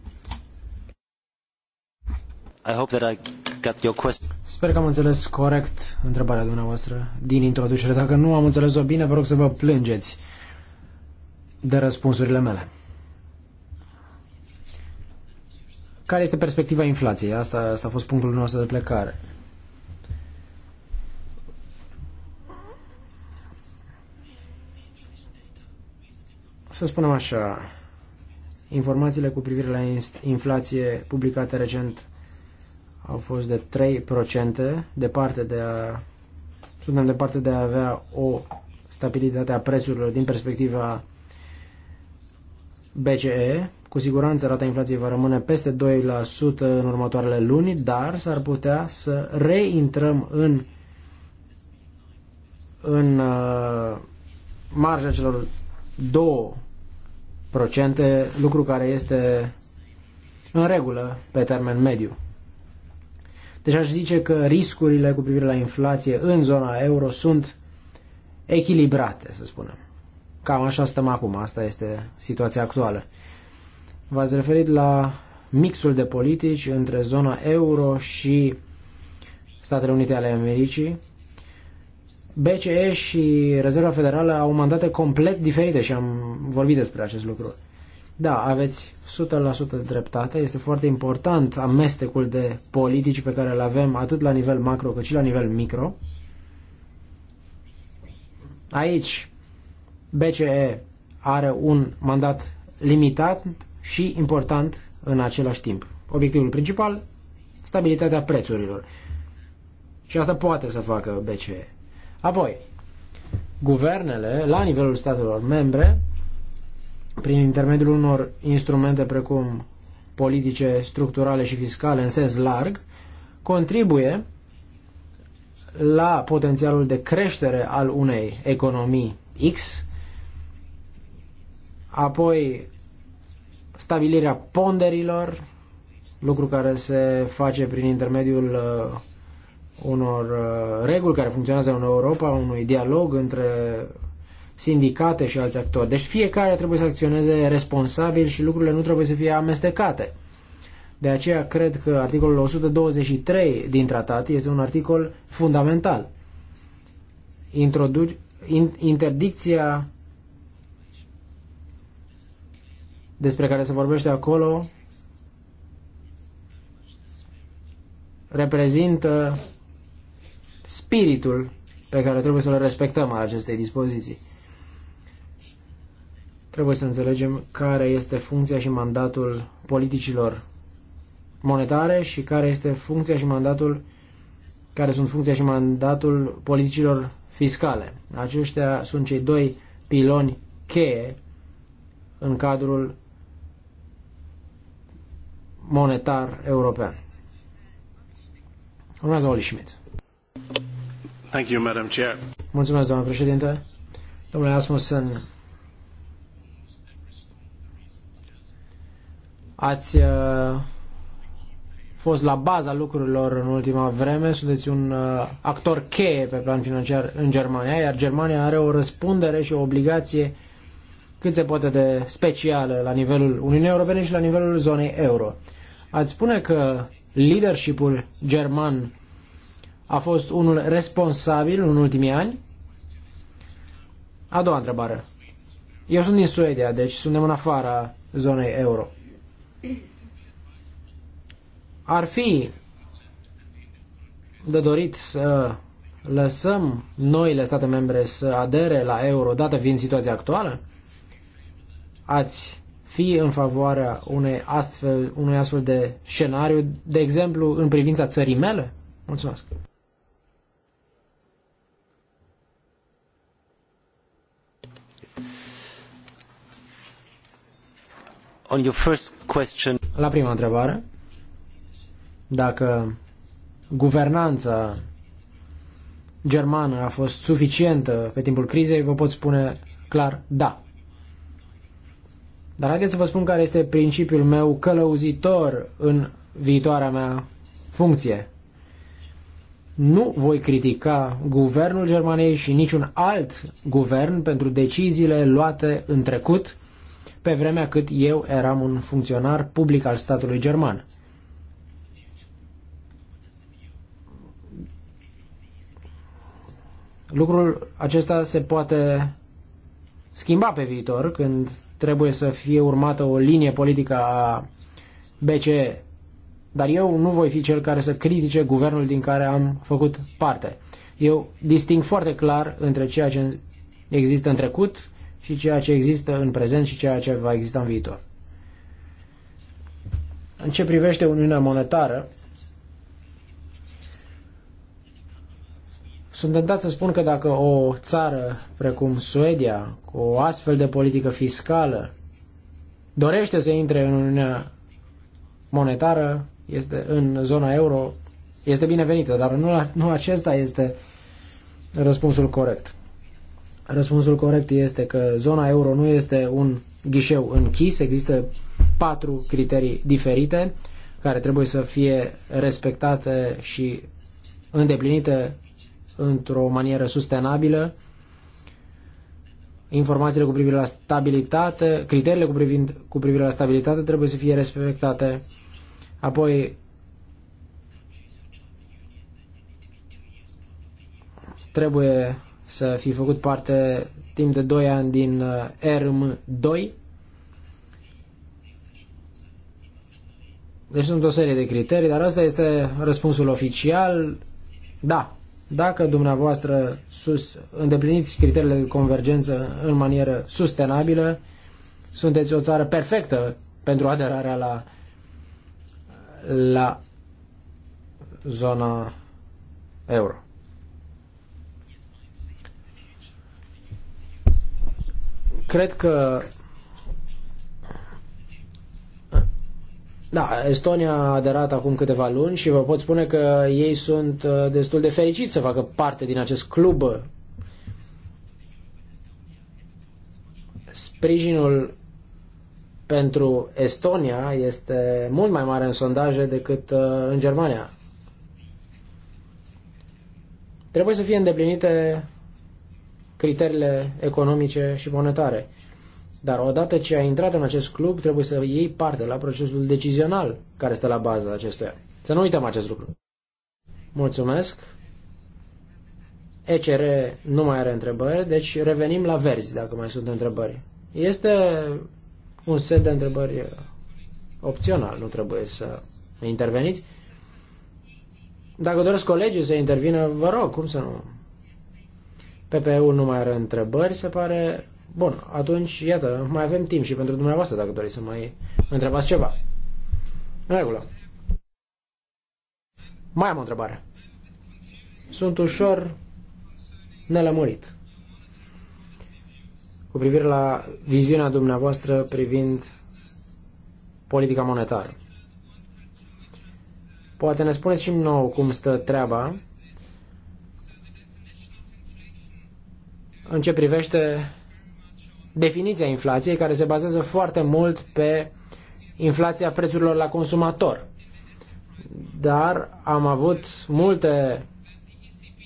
Sper că am înțeles corect întrebarea dumneavoastră din introducere. Dacă nu am înțeles-o bine, vă rog să vă plângeți de răspunsurile mele. Care este perspectiva inflației? Asta, asta a fost punctul nostru de plecare. să spunem așa, informațiile cu privire la inflație publicate recent au fost de 3%, departe de a, suntem departe de a avea o stabilitate a prețurilor din perspectiva BCE. Cu siguranță rata inflației va rămâne peste 2% în următoarele luni, dar s-ar putea să reintrăm în, în uh, marja celor două procente, lucru care este în regulă pe termen mediu. Deci aș zice că riscurile cu privire la inflație în zona euro sunt echilibrate, să spunem. Cam așa stăm acum, asta este situația actuală. V-ați referit la mixul de politici între zona euro și Statele Unite ale Americii. BCE și Rezerva Federală au mandate complet diferite și am vorbit despre acest lucru. Da, aveți 100% dreptate, este foarte important amestecul de politici pe care le avem atât la nivel macro cât și la nivel micro. Aici BCE are un mandat limitat și important în același timp. Obiectivul principal, stabilitatea prețurilor. Și asta poate să facă BCE. Apoi, guvernele, la nivelul statelor membre, prin intermediul unor instrumente precum politice structurale și fiscale în sens larg, contribuie la potențialul de creștere al unei economii X, apoi stabilirea ponderilor, lucru care se face prin intermediul uh, unor uh, reguli care funcționează în Europa, unui dialog între sindicate și alți actori. Deci fiecare trebuie să acționeze responsabil și lucrurile nu trebuie să fie amestecate. De aceea cred că articolul 123 din tratat este un articol fundamental. Introduce interdicția despre care se vorbește acolo reprezintă spiritul pe care trebuie să-l respectăm al acestei dispoziții. Trebuie să înțelegem care este funcția și mandatul politicilor monetare și care este funcția și mandatul care sunt funcția și mandatul politicilor fiscale. Aceștia sunt cei doi piloni cheie în cadrul monetar european. Urmează Oli Schmidt. Thank you, Madam Chair. Mulțumesc, doamnă președinte. Domnule Asmussen, ați uh, fost la baza lucrurilor în ultima vreme, sunteți un uh, actor cheie pe plan financiar în Germania, iar Germania are o răspundere și o obligație cât se poate de specială la nivelul Uniunii Europene și la nivelul zonei euro. Ați spune că leadership-ul german a fost unul responsabil în ultimii ani? A doua întrebare. Eu sunt din Suedia, deci suntem în afara zonei euro. Ar fi de dorit să lăsăm noile state membre să adere la euro, dată fiind situația actuală? Ați fi în favoarea unei astfel, unui astfel de scenariu, de exemplu, în privința țării mele? Mulțumesc! on your first question. La prima întrebare, dacă guvernanța germană a fost suficientă pe timpul crizei, vă pot spune clar da. Dar haideți să vă spun care este principiul meu călăuzitor în viitoarea mea funcție. Nu voi critica guvernul Germaniei și niciun alt guvern pentru deciziile luate în trecut pe vremea cât eu eram un funcționar public al statului german. Lucrul acesta se poate schimba pe viitor când trebuie să fie urmată o linie politică a BCE, dar eu nu voi fi cel care să critique guvernul din care am făcut parte. Eu disting foarte clar între ceea ce există în trecut și ceea ce există în prezent și ceea ce va exista în viitor. În ce privește Uniunea Monetară, sunt tentat să spun că dacă o țară precum Suedia, cu o astfel de politică fiscală, dorește să intre în Uniunea Monetară, este în zona euro, este binevenită, dar nu, nu acesta este răspunsul corect. Răspunsul corect este că zona euro nu este un ghișeu închis, există patru criterii diferite care trebuie să fie respectate și îndeplinite într-o manieră sustenabilă. Informațiile cu privire la stabilitate, criteriile cu, privind, cu privire la stabilitate trebuie să fie respectate. Apoi, trebuie să fi făcut parte timp de 2 ani din uh, RM2. Deci sunt o serie de criterii, dar asta este răspunsul oficial. Da, dacă dumneavoastră sus, îndepliniți criteriile de convergență în manieră sustenabilă, sunteți o țară perfectă pentru aderarea la, la zona euro. Cred că Da, Estonia a aderat acum câteva luni și vă pot spune că ei sunt uh, destul de fericiți să facă parte din acest club. Sprijinul pentru Estonia este mult mai mare în sondaje decât uh, în Germania. Trebuie să fie îndeplinite criteriile economice și monetare. Dar odată ce ai intrat în acest club, trebuie să iei parte la procesul decizional care stă la baza acestuia. Să nu uităm acest lucru. Mulțumesc. ECR nu mai are întrebări, deci revenim la verzi, dacă mai sunt întrebări. Este un set de întrebări opțional, nu trebuie să interveniți. Dacă doresc colegii să intervină, vă rog, cum să nu? PPE-ul nu mai are întrebări, se pare. Bun, atunci, iată, mai avem timp și pentru dumneavoastră dacă doriți să mai întrebați ceva. În regulă. Mai am o întrebare. Sunt ușor nelămurit cu privire la viziunea dumneavoastră privind politica monetară. Poate ne spuneți și nou cum stă treaba în ce privește definiția inflației, care se bazează foarte mult pe inflația prețurilor la consumator. Dar am avut multe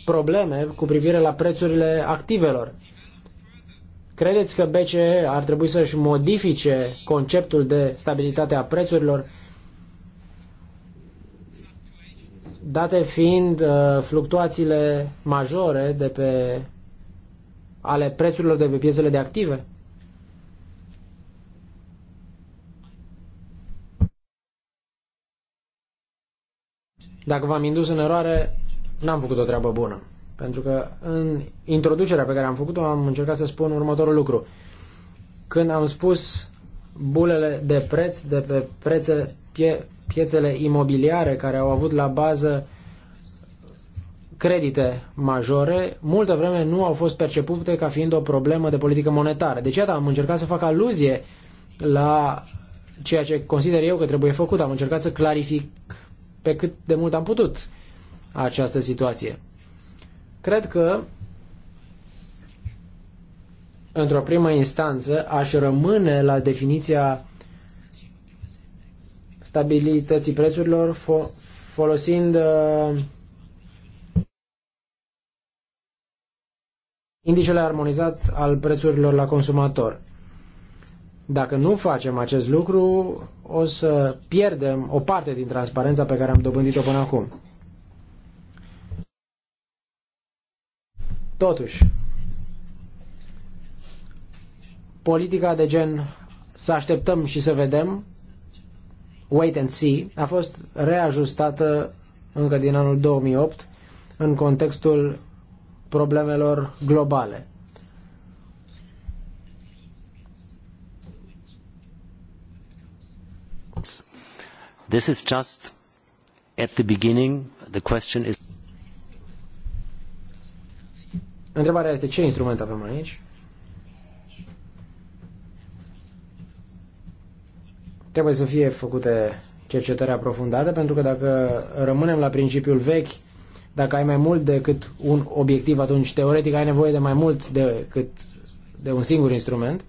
probleme cu privire la prețurile activelor. Credeți că BCE ar trebui să-și modifice conceptul de stabilitate a prețurilor, date fiind uh, fluctuațiile majore de pe ale prețurilor de pe piețele de active? Dacă v-am indus în eroare, n-am făcut o treabă bună. Pentru că în introducerea pe care am făcut-o am încercat să spun următorul lucru. Când am spus bulele de preț de pe prețe, pie, piețele imobiliare care au avut la bază credite majore, multă vreme nu au fost percepute ca fiind o problemă de politică monetară. Deci, iată, am încercat să fac aluzie la ceea ce consider eu că trebuie făcut. Am încercat să clarific pe cât de mult am putut această situație. Cred că, într-o primă instanță, aș rămâne la definiția stabilității prețurilor fo- folosind uh, indicele armonizat al prețurilor la consumator. Dacă nu facem acest lucru, o să pierdem o parte din transparența pe care am dobândit-o până acum. Totuși, politica de gen să așteptăm și să vedem, wait and see, a fost reajustată încă din anul 2008 în contextul problemelor globale. This is just at the beginning. The question is Întrebarea este ce instrument avem aici? Trebuie să fie făcute cercetări aprofundate, pentru că dacă rămânem la principiul vechi, dacă ai mai mult decât un obiectiv, atunci teoretic ai nevoie de mai mult decât de un singur instrument.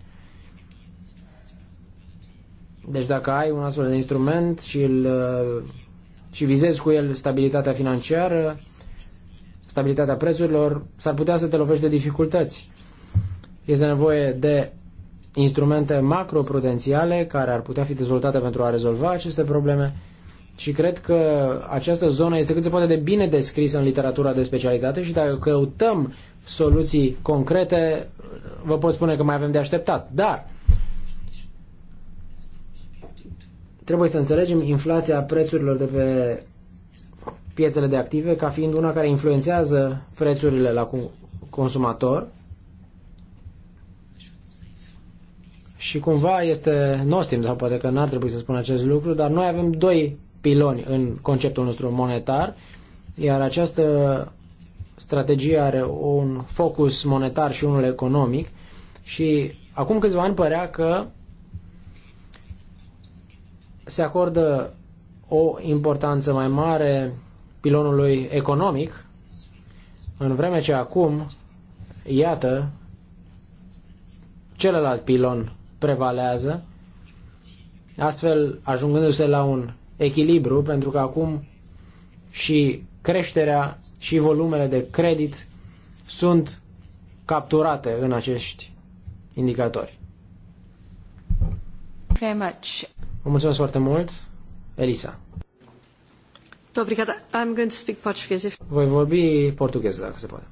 Deci dacă ai un astfel de instrument și, îl, și vizezi cu el stabilitatea financiară, stabilitatea prețurilor, s-ar putea să te lovești de dificultăți. Este nevoie de instrumente macroprudențiale care ar putea fi dezvoltate pentru a rezolva aceste probleme și cred că această zonă este cât se poate de bine descrisă în literatura de specialitate și dacă căutăm soluții concrete, vă pot spune că mai avem de așteptat. Dar trebuie să înțelegem inflația prețurilor de pe piețele de active ca fiind una care influențează prețurile la consumator și cumva este nostim, sau poate că n-ar trebui să spun acest lucru, dar noi avem doi piloni în conceptul nostru monetar, iar această strategie are un focus monetar și unul economic și acum câțiva ani părea că se acordă o importanță mai mare pilonului economic, în vreme ce acum, iată, celălalt pilon prevalează, astfel ajungându-se la un echilibru, pentru că acum și creșterea și volumele de credit sunt capturate în acești indicatori. Very much. Vă mulțumesc foarte mult, Elisa. Obrigada. I'm going to speak Portuguese. Voi vorbi portugheză, dacă se poate.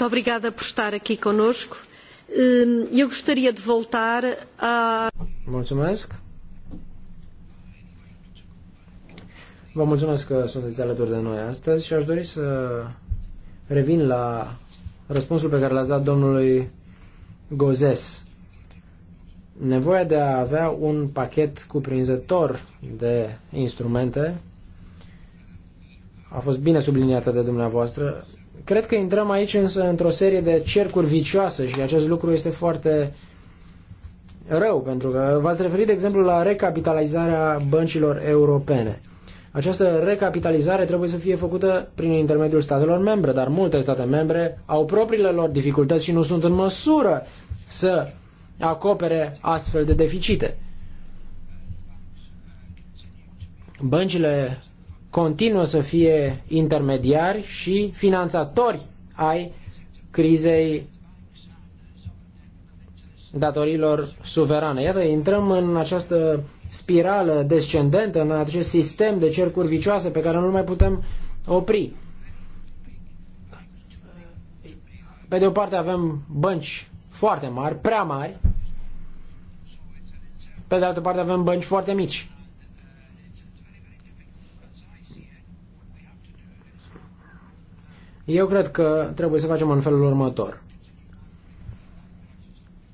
Muito obrigada por estar aqui conosco. Eu gostaria de voltar a. Mulțumesc. Vă mulțumesc că sunteți alături de noi astăzi și aș dori să revin la răspunsul pe care l-ați dat domnului Gozes. Nevoia de a avea un pachet cuprinzător de instrumente a fost bine subliniată de dumneavoastră. Cred că intrăm aici însă într-o serie de cercuri vicioase și acest lucru este foarte rău, pentru că v-ați referit, de exemplu, la recapitalizarea băncilor europene. Această recapitalizare trebuie să fie făcută prin intermediul statelor membre, dar multe state membre au propriile lor dificultăți și nu sunt în măsură să acopere astfel de deficite. Băncile continuă să fie intermediari și finanțatori ai crizei datorilor suverane. Iată, intrăm în această spirală descendentă, în acest sistem de cercuri vicioase pe care nu mai putem opri. Pe de o parte avem bănci foarte mari, prea mari, pe de altă parte avem bănci foarte mici. Eu cred că trebuie să facem în felul următor.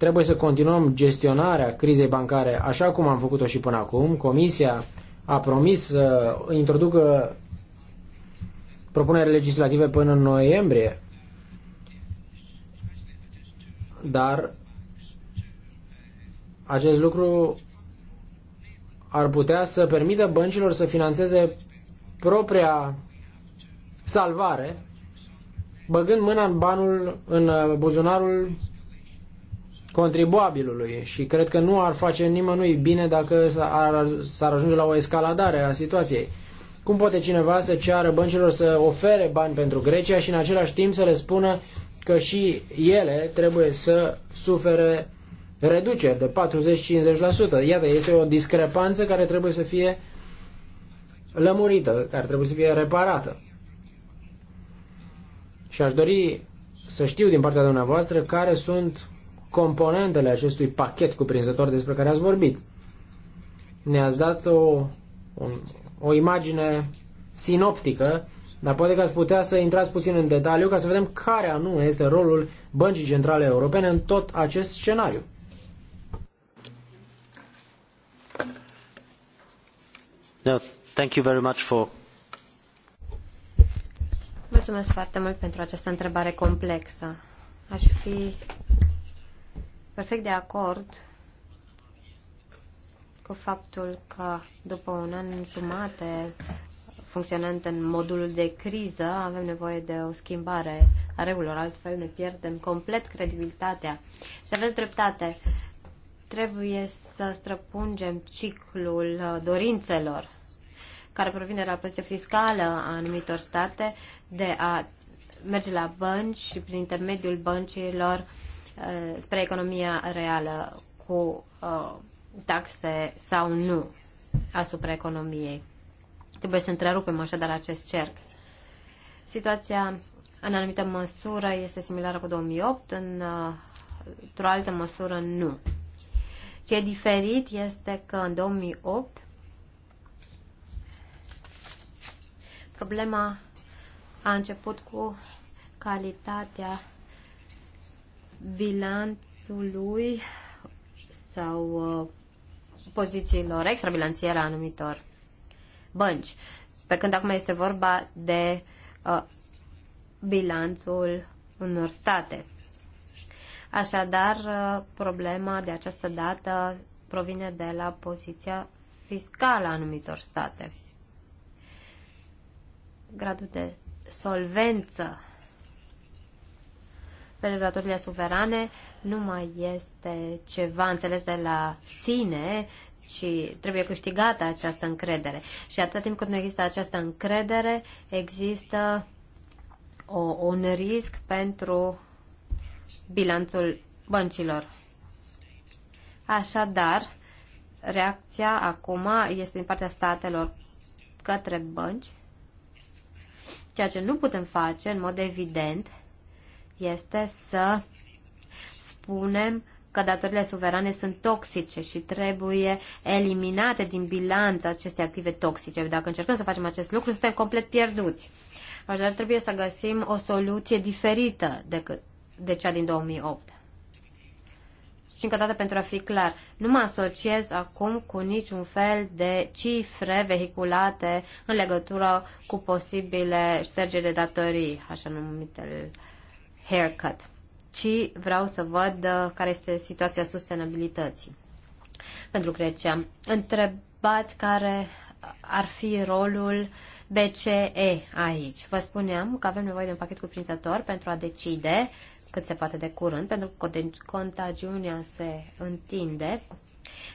Trebuie să continuăm gestionarea crizei bancare așa cum am făcut-o și până acum. Comisia a promis să introducă propuneri legislative până în noiembrie, dar acest lucru ar putea să permită băncilor să financeze propria salvare, băgând mâna în banul, în buzunarul contribuabilului și cred că nu ar face nimănui bine dacă s-ar ajunge la o escaladare a situației. Cum poate cineva să ceară băncilor să ofere bani pentru Grecia și în același timp să le spună că și ele trebuie să sufere reduceri de 40-50%. Iată, este o discrepanță care trebuie să fie lămurită, care trebuie să fie reparată. Și aș dori să știu din partea dumneavoastră care sunt componentele acestui pachet cuprinzător despre care ați vorbit. Ne-ați dat o, o, o imagine sinoptică, dar poate că ați putea să intrați puțin în detaliu ca să vedem care anume este rolul Băncii Centrale Europene în tot acest scenariu. No, thank you very much for... Mulțumesc foarte mult pentru această întrebare complexă. Aș fi perfect de acord cu faptul că după un an jumate funcționând în modul de criză, avem nevoie de o schimbare a regulilor, altfel ne pierdem complet credibilitatea. Și aveți dreptate, trebuie să străpungem ciclul uh, dorințelor care provine de la peste fiscală a anumitor state de a merge la bănci și prin intermediul băncilor Uh, spre economia reală cu uh, taxe sau nu asupra economiei. Trebuie să întrerupem așadar acest cerc. Situația în anumită măsură este similară cu 2008, în, uh, într-o altă măsură nu. Ce e diferit este că în 2008 problema a început cu calitatea bilanțului sau uh, pozițiilor extrabilanțiere a anumitor bănci. Pe când acum este vorba de uh, bilanțul unor state. Așadar, uh, problema de această dată provine de la poziția fiscală a anumitor state. Gradul de solvență pentru datorile suverane nu mai este ceva înțeles de la sine, și trebuie câștigată această încredere. Și atât timp cât nu există această încredere, există o, un risc pentru bilanțul băncilor. Așadar, reacția acum este din partea statelor către bănci, ceea ce nu putem face în mod evident este să spunem că datorile suverane sunt toxice și trebuie eliminate din bilanț aceste active toxice. Dacă încercăm să facem acest lucru, suntem complet pierduți. Așadar, trebuie să găsim o soluție diferită decât de cea din 2008. Și încă o dată pentru a fi clar, nu mă asociez acum cu niciun fel de cifre vehiculate în legătură cu posibile ștergeri de datorii, așa numitele haircut, ci vreau să văd uh, care este situația sustenabilității pentru Grecia. Întrebați care ar fi rolul BCE aici. Vă spuneam că avem nevoie de un pachet cuprinzător pentru a decide cât se poate de curând, pentru că contagiunea se întinde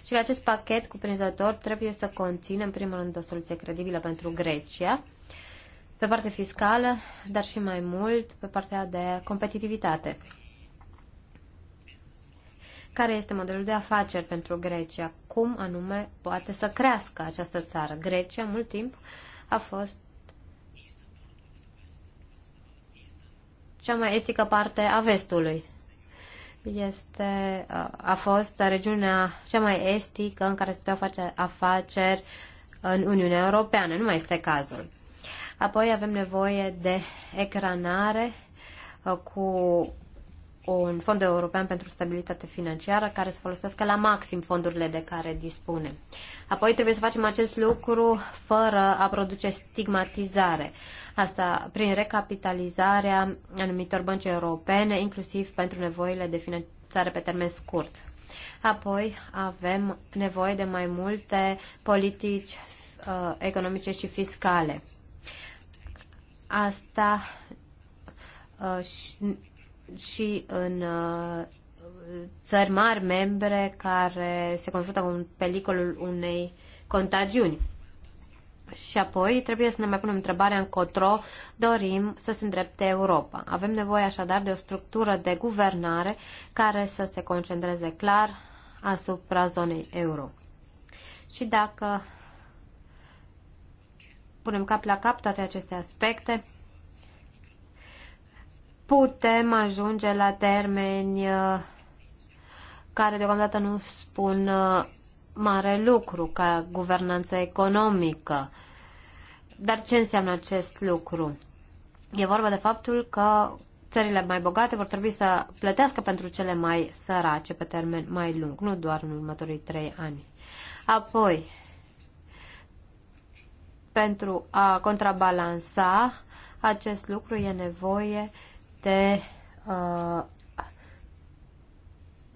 și că acest pachet cuprinzător trebuie să conțină, în primul rând, o soluție credibilă pentru Grecia, pe partea fiscală, dar și mai mult pe partea de competitivitate. Care este modelul de afaceri pentru Grecia? Cum anume poate să crească această țară? Grecia, mult timp, a fost cea mai estică parte a vestului. Este, a fost regiunea cea mai estică în care se puteau face afaceri în Uniunea Europeană. Nu mai este cazul. Apoi avem nevoie de ecranare uh, cu un fond european pentru stabilitate financiară care să folosească la maxim fondurile de care dispune. Apoi trebuie să facem acest lucru fără a produce stigmatizare. Asta prin recapitalizarea anumitor bănci europene, inclusiv pentru nevoile de finanțare pe termen scurt. Apoi avem nevoie de mai multe politici uh, economice și fiscale. Asta uh, și în uh, țări mari membre care se confruntă cu pericolul unei contagiuni. Și apoi trebuie să ne mai punem întrebarea încotro dorim să se îndrepte Europa. Avem nevoie așadar de o structură de guvernare care să se concentreze clar asupra zonei euro. Și dacă punem cap la cap toate aceste aspecte, putem ajunge la termeni uh, care deocamdată nu spun uh, mare lucru ca guvernanță economică. Dar ce înseamnă acest lucru? E vorba de faptul că țările mai bogate vor trebui să plătească pentru cele mai sărace pe termen mai lung, nu doar în următorii trei ani. Apoi, pentru a contrabalansa acest lucru e nevoie de uh,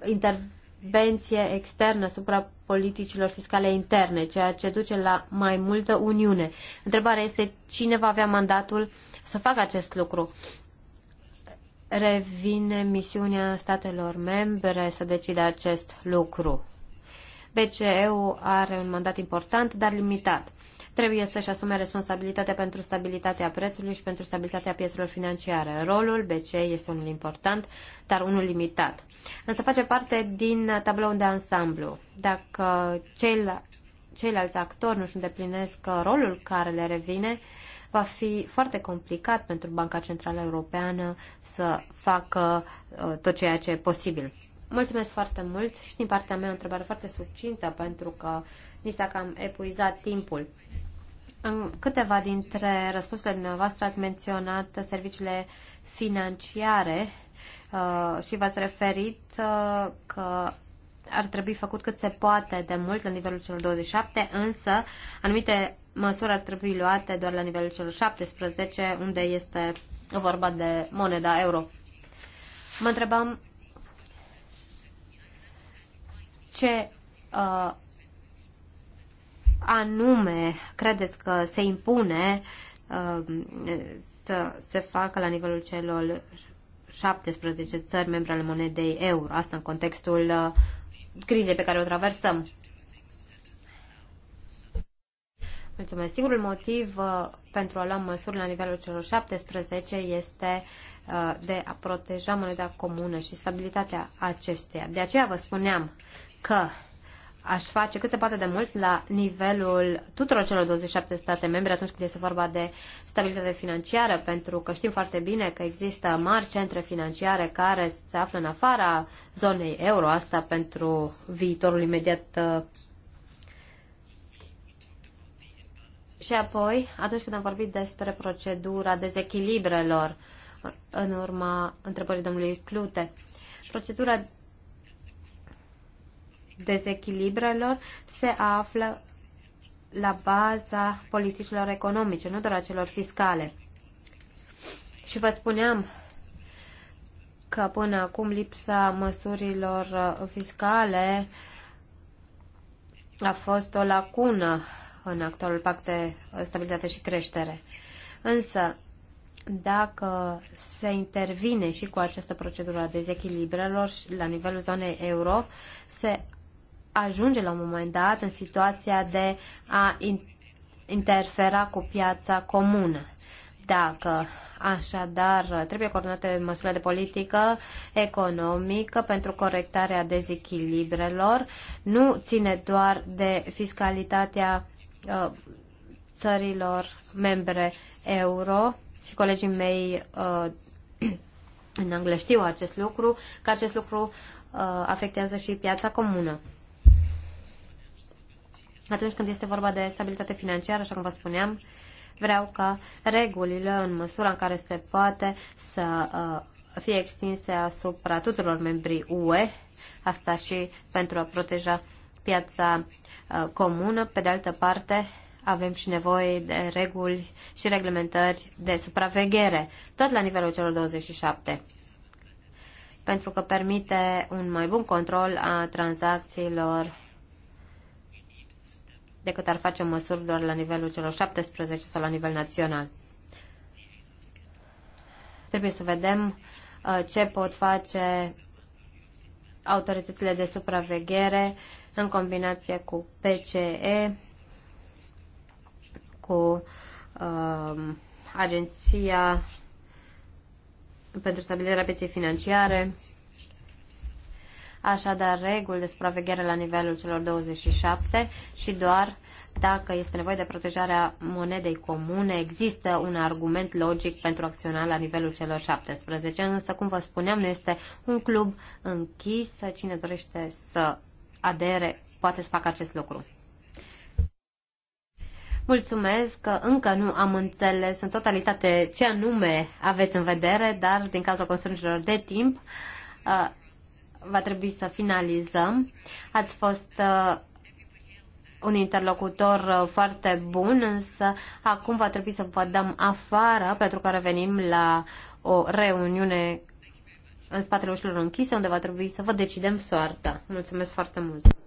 intervenție externă supra politicilor fiscale interne, ceea ce duce la mai multă uniune. Întrebarea este cine va avea mandatul să facă acest lucru. Revine misiunea statelor membre să decide acest lucru. BCE-ul are un mandat important, dar limitat trebuie să-și asume responsabilitatea pentru stabilitatea prețului și pentru stabilitatea piețelor financiare. Rolul BCE este unul important, dar unul limitat. Însă face parte din tabloul de ansamblu. Dacă ceil ceilalți actori nu-și îndeplinesc rolul care le revine, va fi foarte complicat pentru Banca Centrală Europeană să facă uh, tot ceea ce e posibil. Mulțumesc foarte mult și din partea mea o întrebare foarte succintă pentru că ni s-a cam epuizat timpul. În câteva dintre răspunsurile dumneavoastră ați menționat serviciile financiare uh, și v-ați referit uh, că ar trebui făcut cât se poate de mult la nivelul celor 27, însă anumite măsuri ar trebui luate doar la nivelul celor 17, unde este vorba de moneda euro. Mă întrebam ce uh, anume credeți că se impune uh, să se facă la nivelul celor 17 țări membre ale monedei euro, asta în contextul uh, crizei pe care o traversăm. Mulțumesc. Singurul motiv uh, pentru a lua măsuri la nivelul celor 17 este uh, de a proteja moneda comună și stabilitatea acesteia. De aceea vă spuneam că aș face cât se poate de mult la nivelul tuturor celor 27 state membre atunci când este vorba de stabilitate financiară, pentru că știm foarte bine că există mari centre financiare care se află în afara zonei euro, asta pentru viitorul imediat. Uh. Și apoi, atunci când am vorbit despre procedura dezechilibrelor în urma întrebării domnului Clute, procedura dezechilibrelor se află la baza politicilor economice, nu doar a celor fiscale. Și vă spuneam că până acum lipsa măsurilor fiscale a fost o lacună în actualul pact de stabilitate și creștere. Însă, dacă se intervine și cu această procedură a dezechilibrelor la nivelul zonei euro, se ajunge la un moment dat în situația de a interfera cu piața comună. Dacă Așadar, trebuie coordonate măsurile de politică economică pentru corectarea dezechilibrelor. Nu ține doar de fiscalitatea uh, țărilor membre euro și colegii mei uh, [CLEARS THROAT] în anglă știu acest lucru, că acest lucru uh, afectează și piața comună atunci când este vorba de stabilitate financiară, așa cum vă spuneam, vreau ca regulile, în măsura în care se poate, să uh, fie extinse asupra tuturor membrii UE, asta și pentru a proteja piața uh, comună. Pe de altă parte, avem și nevoie de reguli și reglementări de supraveghere, tot la nivelul celor 27 pentru că permite un mai bun control a tranzacțiilor decât ar face măsuri doar la nivelul celor 17 sau la nivel național. Trebuie să vedem uh, ce pot face autoritățile de supraveghere în combinație cu PCE, cu uh, Agenția pentru stabilirea pieței financiare Așadar, reguli de supraveghere la nivelul celor 27 și doar dacă este nevoie de protejarea monedei comune, există un argument logic pentru a acționa la nivelul celor 17. Însă, cum vă spuneam, nu este un club închis. Cine dorește să adere poate să facă acest lucru. Mulțumesc că încă nu am înțeles în totalitate ce anume aveți în vedere, dar din cauza constrângerilor de timp va trebui să finalizăm. Ați fost uh, un interlocutor uh, foarte bun, însă acum va trebui să vă dăm afară pentru că revenim la o reuniune în spatele ușilor închise unde va trebui să vă decidem soarta. Mulțumesc foarte mult!